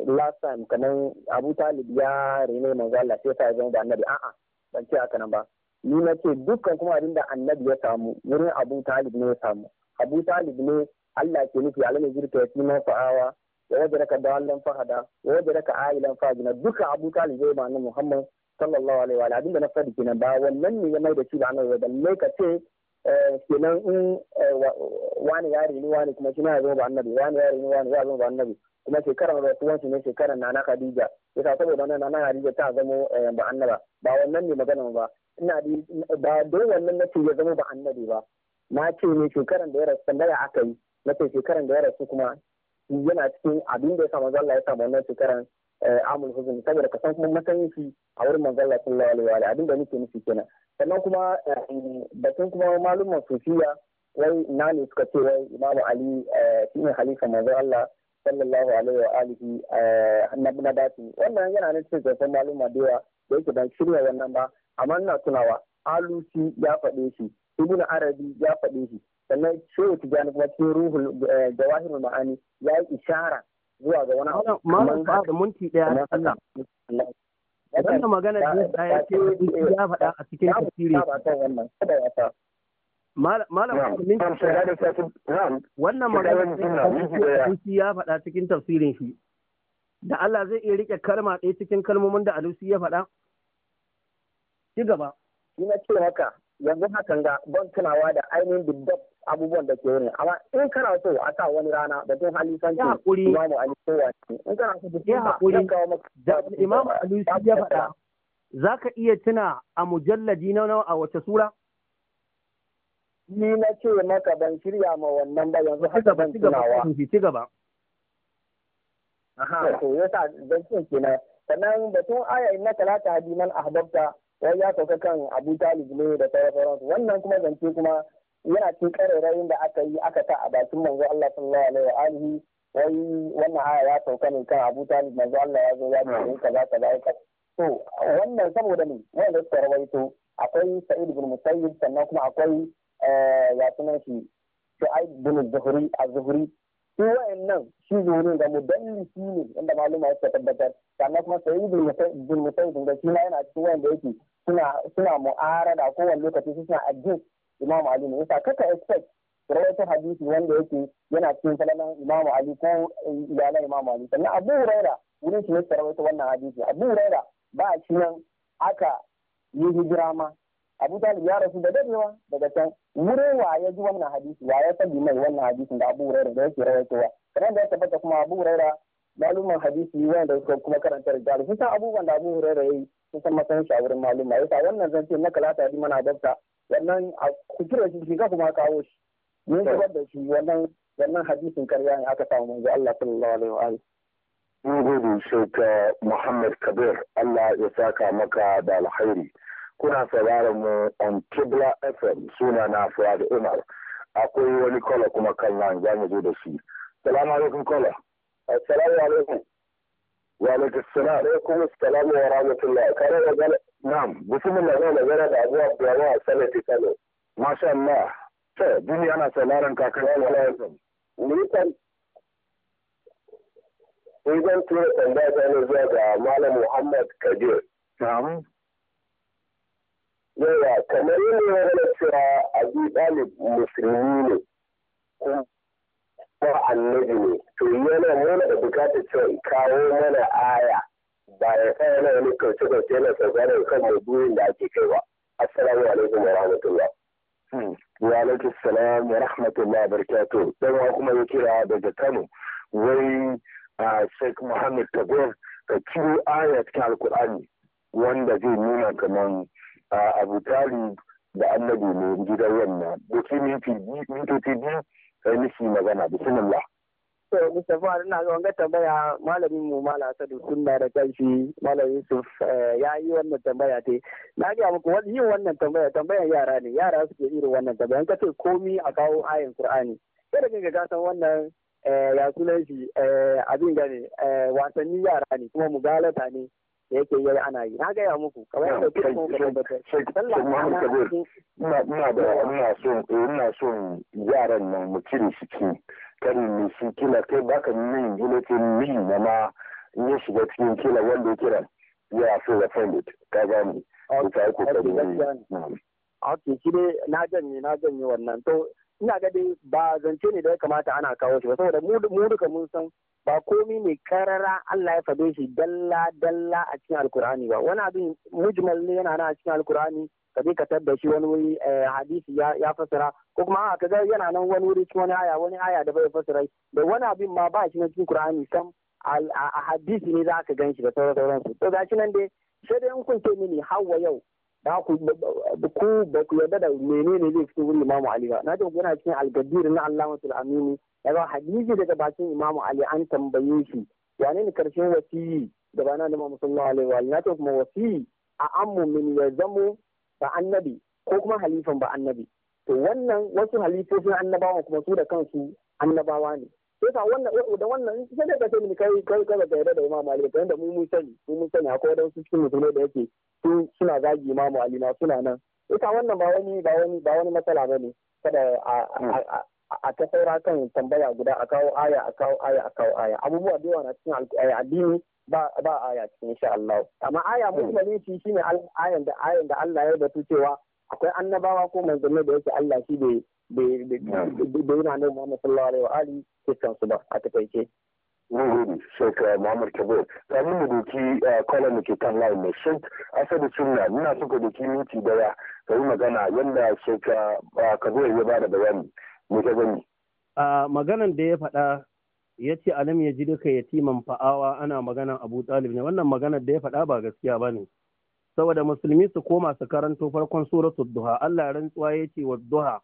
last time kanan abu talib ya rene manzo Allah sai ta zama da annabi a'a ban ce haka nan ba ni na ce dukkan kuma abin da annabi ya samu wurin abu talib ne ya samu abu talib ne Allah ke nufi alama zirka ya fi fa'awa ya waje daga dalan fahada ya waje daga ailan fajina duka abu talib zai ma'ana muhammad sallallahu alaihi wa abin da na faɗi kenan ba wannan ne ya mai da shi da annabi ba ne ka ce Eh, kenan in eh, wani ya rini wani kuma shi ma ya zama ba annabi wani ya rini wani ya zama ba annabi kuma shekarar rasuwanci ne shekarar nana Khadija yasa saboda na nana Khadija ta zama eh, ba annaba ba wannan ne magana ba ina ba don wannan na ce ya zama ba annabi ba na ce ne shekaran da ya rasu tambaya aka yi na ce shekaran da ya rasu kuma yana cikin abin da ya samu Allah ya samu wannan shekaran Eh, amul huzun saboda ka san kuma matsayin shi a wurin manzon Allah sallallahu alaihi wa alihi abinda nake nufi kenan sannan kuma eh, batun kuma malumman sufiya wai na ne suka ce wai Imam Ali eh, ne halifa manzon Allah sallallahu alaihi wa alihi na dafi wannan yana nan cikin zafin maluma da yawa da yake dan shirya wannan ba amma ina tunawa alusi ya faɗe shi Ibn arabi ya faɗe shi sannan shehu tijani kuma cikin ruhul jawahirul ma'ani ya yi ishara zuwa ga wani abu malam ba da munti ɗaya na Allah wannan magana da ya ce ya faɗa a cikin tafsiri malam minti wannan magana da ya faɗa cikin tafsirin shi da Allah zai iya rike kalma ɗaya cikin kalmomin da Alusi ya faɗa ci gaba ina ce haka yanzu hakan ga ban tunawa da ainihin dubbat abubuwan da ke wurin amma in kana so a sa wani rana da tun hali san ya hakuri imamu ali kowa in kana so ya hakuri da imamu ali shi ya faɗa zaka iya tuna a mujalladi na nawa a wace sura ni na ce maka ban shirya ma wannan ba yanzu haka ban tunawa ci gaba aha to yasa dan cin kenan sannan batun aya inna talata hadiman ahbabta wai ya sauka kan abu talib ne da sauran wannan kuma zance kuma yana cin ƙararrayin da aka yi aka ta a bakin manzo Allah sallallahu alaihi wa alihi wai wannan aya ya sauka ne kan Abu Talib manzo Allah ya zo ya ce kaza kaza kaza to wannan saboda ne wanda wai to akwai Sa'id ibn Musayyib sannan kuma akwai eh, ya sunan shi Sa'id ibn Zuhri az-Zuhri su wayannan shi zuhuri da mudallisi ne inda maluma ya tabbatar sannan kuma Sa'id ibn Musayyib da shi ma yana cikin wanda yake suna suna mu'arada kowane lokaci suna against Imam Ali ne yasa kaka expect rawatar hadisi wanda yake yana cikin falalan Imam Ali ko eh, iyalan Imam Ali sannan Abu Huraira wurin shi ne rawaita wannan hadisi Abu Huraira ba shi nan aka yi hijira ma Abu Talib ya rasu da dadewa daga can wurin wa ya ji wannan hadisi wa ya sabi mai wannan hadisin da Abu Huraira da yake rawaitowa sannan da ya tabbata kuma Abu Huraira malumin hadisi wanda suka kuma karanta rijalu sun san abubuwan da Abu Huraira yayi sun san matsayin shi a wurin maluma yasa wannan zance na kalata bi mana dabta wannan a kuturar shi shiga kuma kawo shi mun zubar da shi wannan wannan hadisin karya ne aka samu manzo Allah sallallahu alaihi wa alihi mun gode shauka uh, Muhammad Kabir Allah ya saka maka da alkhairi kuna sauraron mu on Kibla FM suna na Fuad Umar akwai wani kola kuma kallon zamu za zo da shi salamu alaikum kola assalamu alaikum وعليك السلام عليكم السلام ورحمة الله كان مجال نعم بسم الله أنا نعم. مجال أبو عبد الله سنة سنة ما شاء الله دنيا أنا سلارن كاكلا ولا يزم نيتن إذن تلك تنبات أنا زاد مال محمد كجير نعم yawa يا yadda ya cewa abi ɗalib musulmi ne ba annabi ne to yana nuna da bukatar cewa kawo mana aya ba ya tsaya yana wani kauce kauce yana tsakanin kan mabuyin da ake kaiwa assalamu alaikum wa rahmatullah hmm. wa alaikum salam wa rahmatullah barkatu dan wa kuma ya kira daga Kano wai Sheikh Muhammad Tagore ka kiro aya ta Alkur'ani wanda zai nuna kaman Abu Talib da annabi ne gidan wannan. Doki mintoci biyu kai nufi magana bismillah to Mustapha ina ga wanga tambaya malamin mu mala sadu sunna da kanshi malamin Yusuf eh, ya yi wannan tambaya te na ga muku yin wannan tambaya tambayan yara ne yara suke yi wannan tambaya ka ce komi a kawo ayin Qur'ani kada kin ga san wannan eh, ya sunan shi eh, abin gane wasanni yara ne kuma mugalata ne da yake yi ana yi na gaya muku kamar yadda kuka kuma tabbatar ina da ina son eh, ina son yaran nan mu cire shi ki karin ne shi kila kai baka min na ma shiga kila ya so ka ne na janye na ina ga dai ba zance ne da ya kamata ana kawo shi ba saboda mu duka mun san ba komi ne karara Allah ya faɗe shi dalla dalla a cikin alkur'ani ba wani abin mujmal ne yana nan a cikin alkur'ani ka je ka tabbashi wani wuri eh, hadisi ya fasara ko kuma ka ga yana nan wani wuri cikin wani aya wani aya da bai fasara da wani abin ma ba shi na cikin qur'ani sam a hadisi ne za ka gan shi da sauran sauransu to gashi nan dai sai dai in kun ce mini hawa yau da ku ku ba ku yarda da menene zai fito wurin Imam Ali ba na ce ku yana cikin algadir na Allamatul Amini ga hadisi daga bakin Imam Ali an tambaye shi ya ne karshen wasiyi da bana da Muhammad sallallahu alaihi wa na ce kuma wasiyi a ammu min ya zamo ba annabi ko kuma halifan ba annabi to wannan wasu halifofin annabawa kuma su da kansu annabawa ne sai ka wannan eh, da wannan sai da kace ni kai kai kai da yarda da Imam Ali da mu mun sani mu mun sani akwai wadansu cikin musulmai da yake su suna zagi ma ali suna nan ita wannan ba wani ba wani ba wani matsala bane kada a ta saura kan tambaya guda a kawo aya a kawo aya a kawo aya abubuwa da yawa na cikin addini ba ba aya cikin insha Allah amma aya musulmi shi shine ayan da ayan da Allah ya batu cewa akwai annabawa ko manzanni da yake Allah shi bai bai bai yana nan Muhammad sallallahu alaihi wa alihi ba a takaice Nuhuri Sheikh uh, Muhammad Kabir ta mu doki kwallon uh, da ke kan layin mai Sheikh Asadu suna. Nuna suka doki minti daya ka yi magana yadda Sheikh uh, Kabir ya bada bayani me ka gani. A Maganan da ya faɗa ya ce alam ya ji duka yatiman fa'awa ana maganan Abu Talib ne wannan maganar da ya faɗa ba gaskiya ba ne. Saboda musulmi su koma su karanto farkon suratul duha Allah ya rantsuwa ya ce wa duha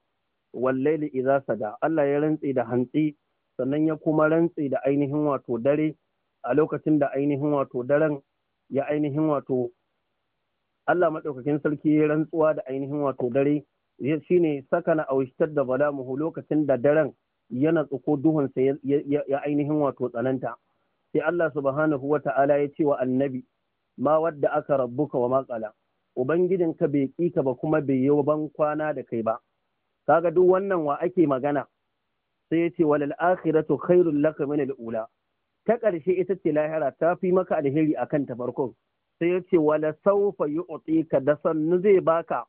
wallaili idza sada Allah ya rantsi da hantsi sannan ya kuma rantse da ainihin wato dare a lokacin da ainihin wato daren ya ainihin wato Allah maɗaukakin sarki ya rantsuwa da ainihin wato dare Shi ne saka na wishtar da muhu lokacin da daren yana tsoko duhunsa ya ainihin wato tsananta sai Allah subhanahu wa ta'ala ya ce wa annabi ma wadda aka rabbuka wa maƙala ubangijinka bai ƙi ka ba kuma bai yi ban kwana da kai ba kaga duk wannan wa ake magana sai ya ce walal akhiratu khairul laka min al ula ta ƙarshe ita ce lahira ta fi maka alheri akan ta farkon sai ya ce wala saufa yu'tika da sannu zai baka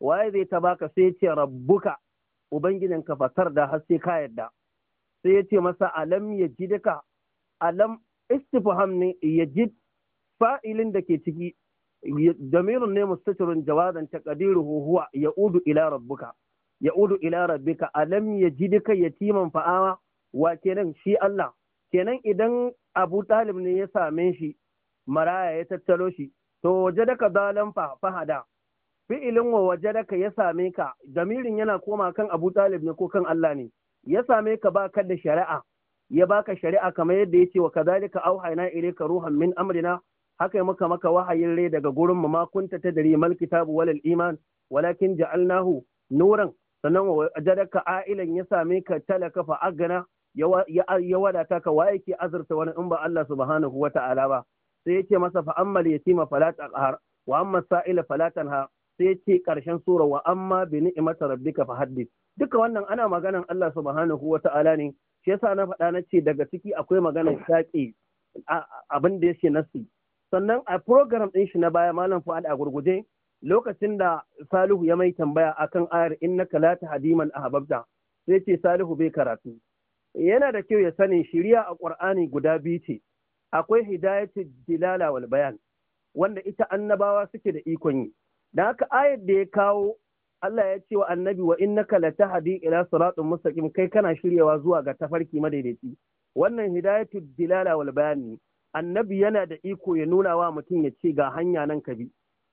waye zai ta baka sai ya ce rabbuka ka fasar da har sai ka yadda sai ya ce masa alam yajidka alam istifham ne yajid fa'ilin da ke ciki damirun ne mustatirun jawadan taqdiruhu huwa udu, ila rabbuka Ya udu ila rabbika alam yajidka yatiman fa'awa wa kenan shi Allah kenan idan Abu Talib ne ya same shi maraya ya tattaro shi to wajadaka zalam fa fahada fi'ilin wa wajadaka ya same ka damirin yana koma kan Abu Talib ne ko kan Allah ne ya same ka ba da shari'a ya baka shari'a kamar yadda yake wa kadhalika auhayna ilayka ruhan min amrina haka muka maka wahayin rai daga gurin mu ma kunta tadri mal kitabu walal iman walakin ja'alnahu nuran sannan wa a'ilan ya same ka talaka fa agana ya wadata ka wa yake azurta wani in ba Allah subhanahu wa ta'ala ba sai yake masa fa ammal yatima fala taqhar wa amma sa'ila fala tanha sai yake karshen sura wa amma bi ni'mati rabbika fa haddith duka wannan ana maganan Allah subhanahu wa ta'ala ne shi yasa na faɗa na ce daga ciki akwai maganar shaƙi abin da yake nasi sannan a program ɗin shi na baya malam fu'ad a gurguje lokacin da Salihu ya mai tambaya akan ayar in innaka la tahdiman ahbabta sai ce Salihu bai karatu yana da kyau ya sani shiriya a Qur'ani guda biyu ce akwai hidayatul dilala wal bayan wanda ita annabawa suke da ikon yi da haka ayar da ya kawo Allah ya ce wa annabi wa innaka la tahdi ila siratin mustaqim kai kana shiryawa zuwa ga tafarki madaidaici wannan hidayatul dilala wal bayan annabi yana da iko ya nuna wa mutum ya ce ga hanya nan ka bi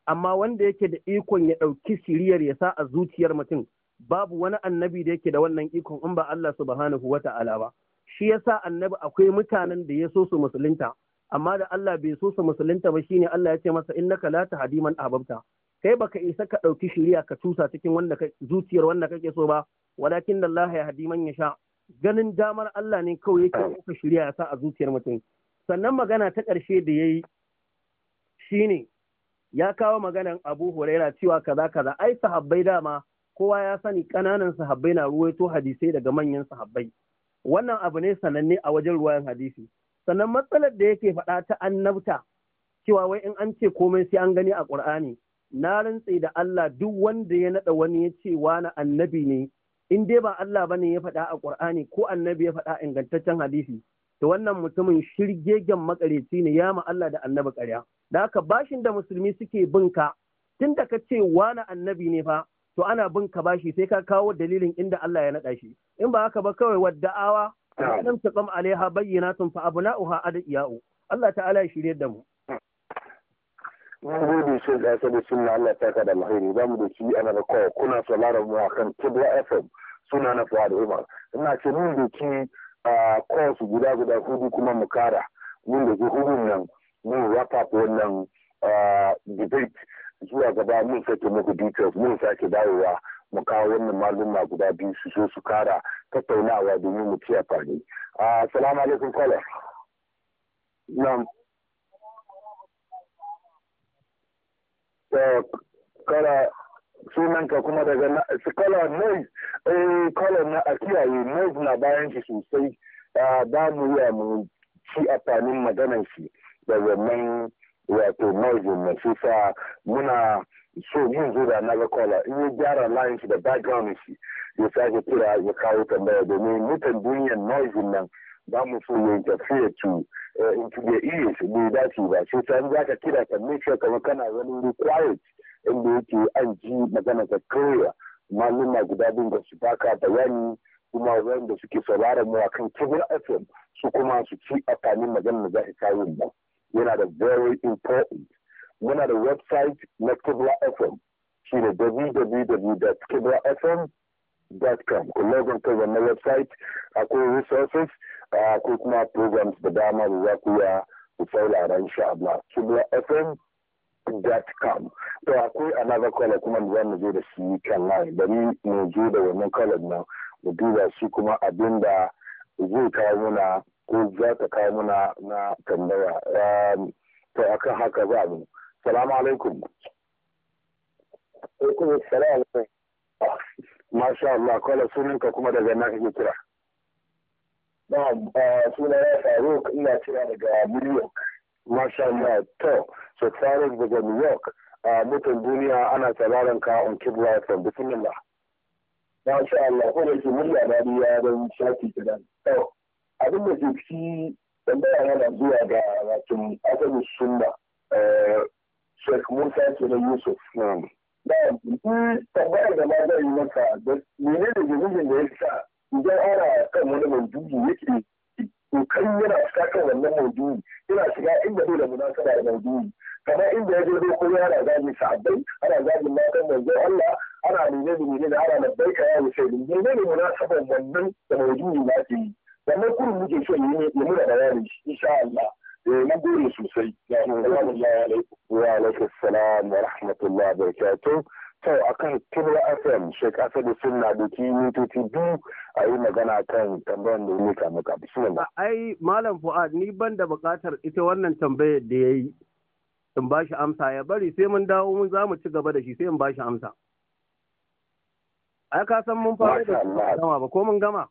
amma wanda yake da ikon ya ɗauki shiriyar ya sa a zuciyar mutum babu wani annabi da yake da wannan ikon in ba Allah subhanahu wa ta'ala ba shi yasa annabi akwai mutanen da ya so su musulunta amma da Allah bai so su musulunta ba shine Allah ya ce masa innaka la tahdiman man ahbabta kai baka isa ka ɗauki shiriya ka tusa cikin wanda zuciyar wanda kake so ba walakin Allah ya hadiman ya sha. ganin damar Allah ne kawai yake ɗauka shiriya ya sa a zuciyar mutum sannan magana ta ƙarshe da ya yi shine ya kawo maganan Abu Huraira cewa kaza kaza ai sahabbai dama kowa ya sani kananan sahabbai na ruwaito hadisai daga manyan sahabbai wannan abu ne sananne a wajen ruwayan hadisi sannan matsalar da yake faɗa ta annabta cewa wai in an ce komai sai an gani a Ƙur'ani na rantse da Allah duk wanda ya naɗa wani ya ce wani annabi ne in dai ba Allah bane ya faɗa a Ƙur'ani ko annabi ya faɗa ingantaccen hadisi to wannan mutumin shirgegen makareci ne ya ma Allah da annabi ƙarya da haka bashin da musulmi suke binka tun da ka ce wani annabi ne fa to ana binka bashi sai ka kawo dalilin inda Allah ya naɗa shi in ba haka ba kawai wadda'awa ta tsam alaiha bayyinatun fa abna'uha adiyau Allah ta'ala ya shirye da mu mun gode shi da aka da sunna Allah ta ka da alheri za mu doki ana da kowa kuna sauraron mu akan Kibla FM suna na Fuad Umar ina ce mun doki kowa ah, su guda guda hudu kuma mu kara mun doki hudun nan mun wrap up wannan ah, debate zuwa gaba mun sake muku details mun sake dawowa mu kawo wannan maluma guda biyu su so su kara tattaunawa domin mu ci amfani. Ah, assalamu alaikum kwallon. Nam. Kala eh, sunanka kuma daga na kala noise eh kala na a kiyaye noise na bayan shi sosai da ah, mu yi mu ci amfanin maganar shi. da wannan wato noise na shi sa muna so yin zura na ga kola in ya gyara layin shi da background shi ya sake kira ya kawo tambaya domin mutan duniyar noise nan ba mu so ya interfere to eh, into iya ears bai dace ba shi sa in za ka kira ka make sure kamar kana wani wuri quiet inda yake an ji magana ka clear maluma guda biyu da su baka bayani kuma wanda suke sauraron mu akan kibir fm su kuma su ci amfanin maganar da za ka kawo mu yana da very important muna da website na kibla fm shi ne www.kiblafm.com ku logon kai wannan website akwai resources akwai kuma programs da dama da za ku ya ku saurara insha Allah kibla fm dot com to akwai another color kuma da zamu zo da shi kan line bari mu zo da wannan color nan mu duba shi kuma abinda zai kawo muna ko za ta kawo muna na tambaya um, to akan haka za mu salamu alaikum alaikum salam masha Allah sunan sunanka kuma daga nan kake kira Na'am, uh, suna ya faru ina kira daga New York. Masha Allah, to, so Faruk daga New York, uh, mutum duniya ana sauraron ka on Kibla FM, bismillah. masha Allah ko da ke murya na ni ya dan shafi kidan to abin da ke ciki tambaya yana zuwa ga wato asali sunna eh, Sheikh Musa ke da Yusuf da tambayar da ma zai maka da menene da da ya sa idan ana kan wani mai dubu yake kokari yana fita kan wannan maudu'i yana shiga inda dole munasaba da maudu'i kamar inda ya je doko yana zagin sa'abai ana zagin matan manzo Allah ana nune da nune da ana labbaika ya wuce ne ne munasaban wannan da maudu'i na ke yi wannan kurin muke so yi ne muna bayani insha Allah eh mun gode sosai ya alaikum wa alaikum assalam wa rahmatullahi wa barakatuh kyau akan kibla fm shek asadu sun na doki mintoci biyu a yi magana kan tambayar da ne kamu ka bismillah ai malam fu'ad ni ban da bukatar ita wannan tambayar da ya yi in ba shi amsa ya bari sai mun dawo mun za mu ci gaba da shi sai in ba shi amsa ai ka san mun fara da gama ba ko mun gama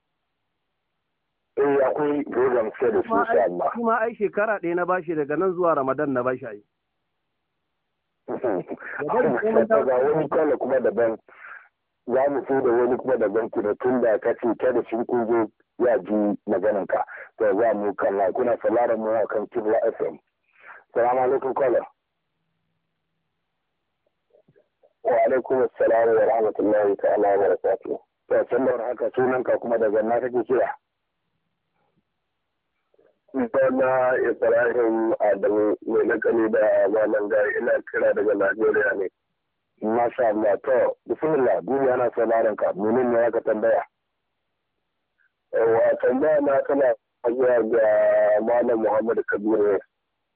eh akwai gogam sai da su sai Allah kuma ai shekara ɗaya na bashi daga nan zuwa Ramadan na bashi ai ga wani kala kuma daban za mu so da wani kuma daban kuna tun da ka ce da shi kun ya ji maganin ka to za mu kalla kuna sauraron mu akan Kibla FM salamu alaikum kala wa alaikum assalam wa rahmatullahi ta'ala wa barakatuh to sannan haka sunan ka kuma daga na kake kira Bana Ibrahim Adamu mai nakali da Malam Gari ina kira daga Najeriya ne. Masha Allah to bismillah duniya na sauraron ka munin ne ka tambaya. Wa tambaya na tana zuwa ga Malam Muhammad Kabiru.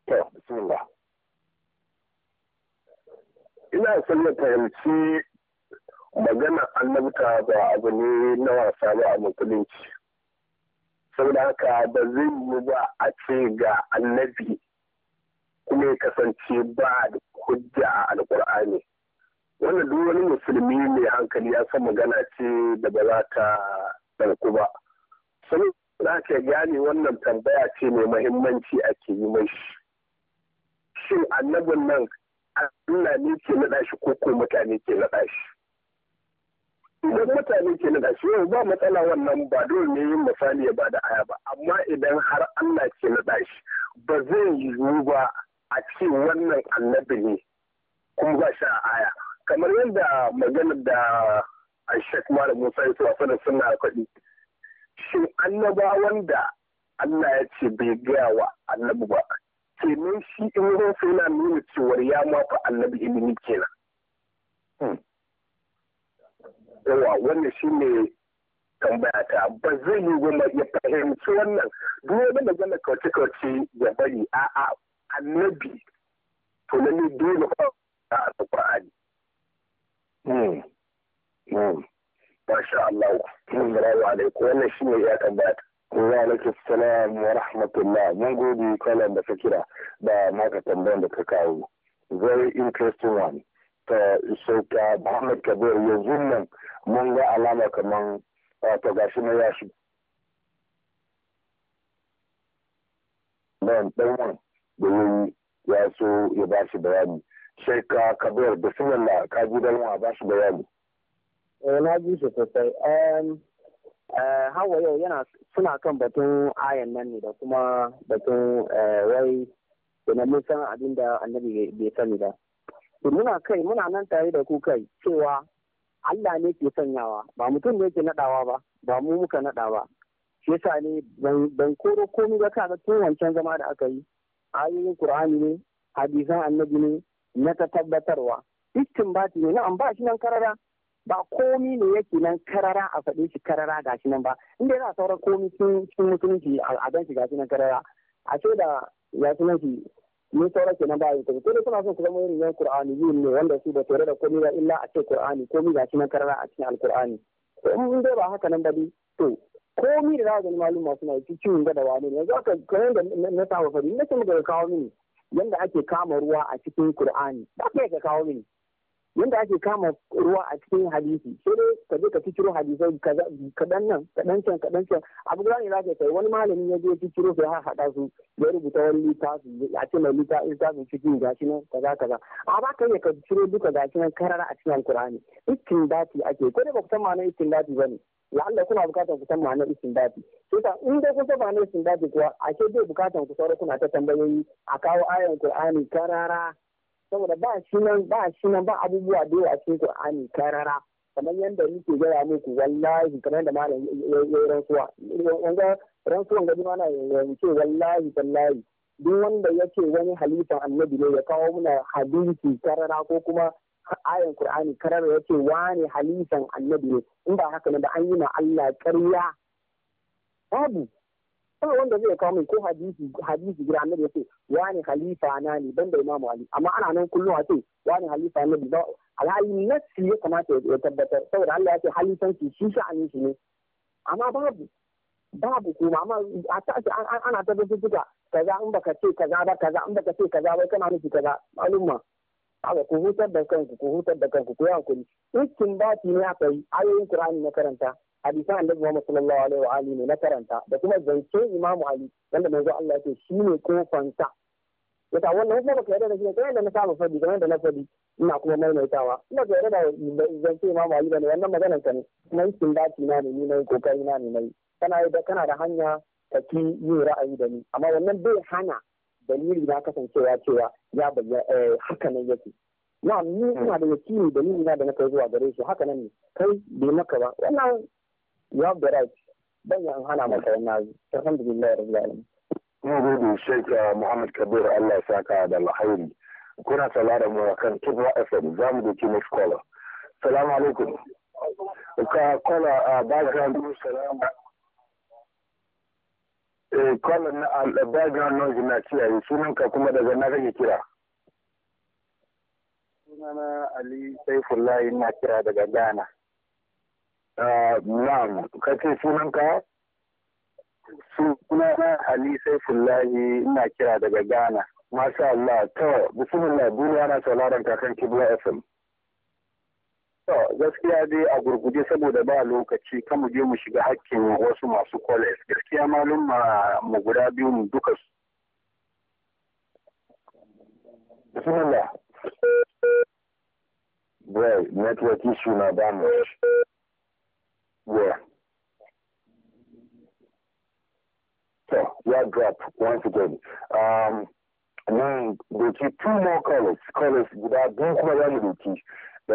To bismillah. Ina son na fahimci magana annabta ba abu ne na wasa ba a musulunci. saboda haka ba zai yi ba a ce ga annabi kuma ya kasance ba da hujja a alkur'ani wannan duk wani musulmi mai hankali ya san magana ce da ba za ta ɗauku ba saboda haka gane wannan tambaya ce mai mahimmanci ke yi mai shin annabin nan Allah ne ke naɗa shi ko ko mutane ke naɗa shi Idan mutane ke na shi yau ba matsala wannan ba dole ne yin misali ya bada aya ba amma idan har Allah ke na shi ba zai yiwu ba a ce wannan annabi ne kuma ba shi a aya kamar yadda maganar da Ashek Mara Musa ya tuwa sanar suna kwaɗi shin annaba wanda Allah ya ce bai gaya wa annabi ba kenan shi in rufe yana nuna cewar ya mafi annabi ilimi kenan. Hmm. yawa wannan shine tambaya ta ba zai yi wani ya fahimci wannan duk wani magana kauce kauce ya bari a a annabi to lalle dole ko a alqur'ani mm mm masha Allah assalamu alaikum wannan ne ya tambaya ta na ke salam wa rahmatullah mun gode kalan da ka kira da maka tambayan da ka kawo very interesting one ta sauka Muhammad Kabir yanzu nan mun ga alama ah, ta gashi na yashi. Nan da ya yi ya so ya ba shi bayani. Sai ka Kabir da ba shi bayani. Eh, na ji shi sosai. Um, eh, Hawa yau yana suna kan batun ayan nan ne da kuma batun rai eh, da san abin da annabi bai sani ba. to muna kai muna nan tare da ku kai cewa Allah ne ke sanyawa ba mutum ne ke nadawa ba ba mu muka nada ba shi yasa ne ban koro komai ba kaga tun wancan zama da aka yi ayoyin Qur'ani ne hadisan annabi ne na ta tabbatarwa istinbati ne an ba shi nan karara ba komi ne yake nan karara a faɗe shi karara ga shi nan ba inda yana sauran komi cikin mutunci a gan shi ga shi nan karara a ce da ya shi ni saura kenan ba yin komai sai suna son su zama irin yan qur'ani yin ne wanda su ba tare da komai ba illa a ce qur'ani komai ga shi na karara a cikin alqur'ani to in dai ba haka nan ba bi? to komai da zaka gani masu suna yi ciwon gada wani yanzu aka kamar da na saba fari na ce muka kawo mini yanda ake kama ruwa a cikin qur'ani ba ka kawo mini yanda ake kama ruwa a cikin hadisi sai dai ka je ka ciciro hadisai kaɗan nan kaɗan can kaɗan can abu guda ne za kai wani malami ya je ciciro sai har haɗa su ya rubuta wani littafi a ce mai littafin cikin gashi nan kaza kaza amma kai ne ka ciro duka gashi nan karara a cikin alkur'ani ikin dati ake ko dai ba ku san ma'anar ikin dati ba ne la'alla kuna bukatar ku san ma'anar dati sai ka in dai kun san ma'anar dati kuwa ashe zai bukatar ku saura kuna ta tambayoyi a kawo ayan qur'ani karara saboda ba sunan ba sunan ba abubuwa da a cikin Qur'ani karara kamar yadda nake gaya muku wallahi kamar yadda malam ya yi rantsuwa rantsuwan gaji na yanke, wallahi wallahi duk wanda ya ce wani halifa annabi ne ya kawo muna hadisi karara ko kuma ayan Qur'ani karara ya ce wani halifan annabi ne in ba haka ne ba an yi ma Allah ƙarya babu kuma wanda zai kawo min ko hadisi hadisi gida annabi yace wani halifa na ne ban da imamu ali amma ana nan kullum a ce wani halifa na ba alhali nassi ya kamata ya tabbatar saboda Allah ya ce halifanci shi sha'anin shi ne amma babu babu kuma amma a ta ce ana ta bincika kaza in baka ce kaza ba kaza in baka ce kaza ba kana nufi kaza malumma haka ku hutar da kanku ku hutar da kanku ku yi hakuri iskin bati ne aka yi ayoyin qur'ani na karanta hadisan annabi Muhammad sallallahu alaihi wa alihi na karanta da kuma zancen Imam Ali wanda manzo Allah yake ce shine kofansa yasa wannan kuma baka yarda da shi kai da na samu fadi kamar da na fadi ina kuma maimaitawa ina ga yarda da zance Imam Ali bane wannan maganar ka ne na yi kindati na ne ni na kokari na ne na kana da kana da hanya ka ki yi ra'ayi da ni amma wannan bai hana dalili na kasancewa cewa ya bayyana eh, haka nan yake na ni ina da yakini dalili na da na kai zuwa gare shi haka nan ne kai bai maka ba wannan you have the right dan yan hana maka yana alhamdulillah rabbil alamin mun gode Sheikh uh, Muhammad Kabir Allah ya saka da alkhairi kuna sauraron mu akan Kibra FM zamu doki next caller Salamu alaikum ka kola a uh, background salama eh kola na uh, background noise na kiyaye sunan ka kuma daga na kake kira sunana Ali Saifullahi na kira daga Ghana Na'am, ka ce sunanka? Sunana Ali Saifullahi ina kira daga Ghana. Masha Allah, to, bismillah duniya na sauraron kakan Kibla FM. To, gaskiya dai a gurguje saboda ba lokaci kan mu je mu shiga hakkin wasu masu college. Gaskiya malum ma mu guda biyu mu duka su. Bismillah. Boy, network issue na damage. drop once again. Um, mun keep two more colors, colors guda biyu kuma za mu doki da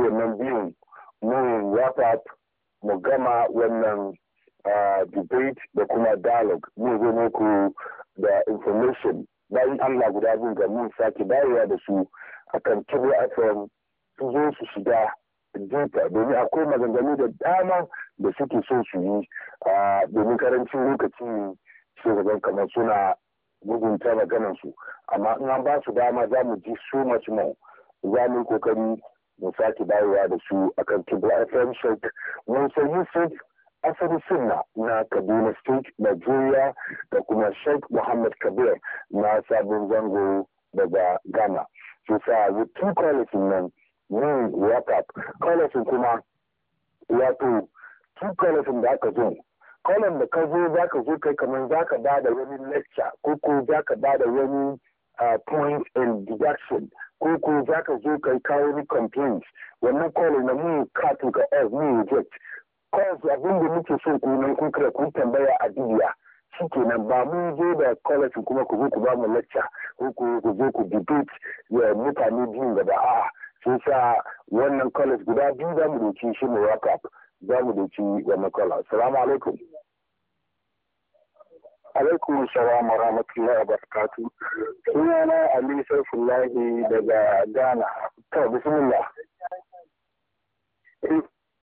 wannan biyun mun wrap up gama wannan uh, debate da kuma dialogue mun zo muku da information bayan Allah guda biyu ga mun sake dawowa da su akan Kibo FM su zo su shiga jinta domin akwai maganganu da dama da suke so su yi look at lokaci shugaban kamar suna gugunta maganan su amma in an ba su dama za mu ji so much more za mu kokari mu sake dawowa da su akan kibla fm sheik mun san yusuf asali sunna na kaduna state nigeria da kuma shek muhammad kabir na sabon zango daga ghana su sa tun kwalifin nan yin whatsapp kwalifin kuma wato tun kwalifin da aka zo kolon da ka zo za ka zo kai kamar za ka ba da wani lecture ko ko za ka ba da wani point and deduction ko ko za ka zo kai kawo ni complaint wannan kolon na mu kato ga f mu reject kawai abin da muke so ku nan kun kira kun tambaya a dubiya shikenan ba mu zo da college kuma ku zo ku ba mu lecture ko ku ku zo ku debate ya mutane biyun gaba a'a sai sa wannan college guda biyu za mu doki shi mu wrap up za mu doki wannan kwala. Salamu alaikum. alaikum salam wa rahmatullahi wa barakatu sunana ali saifullahi daga ghana Ta bismillah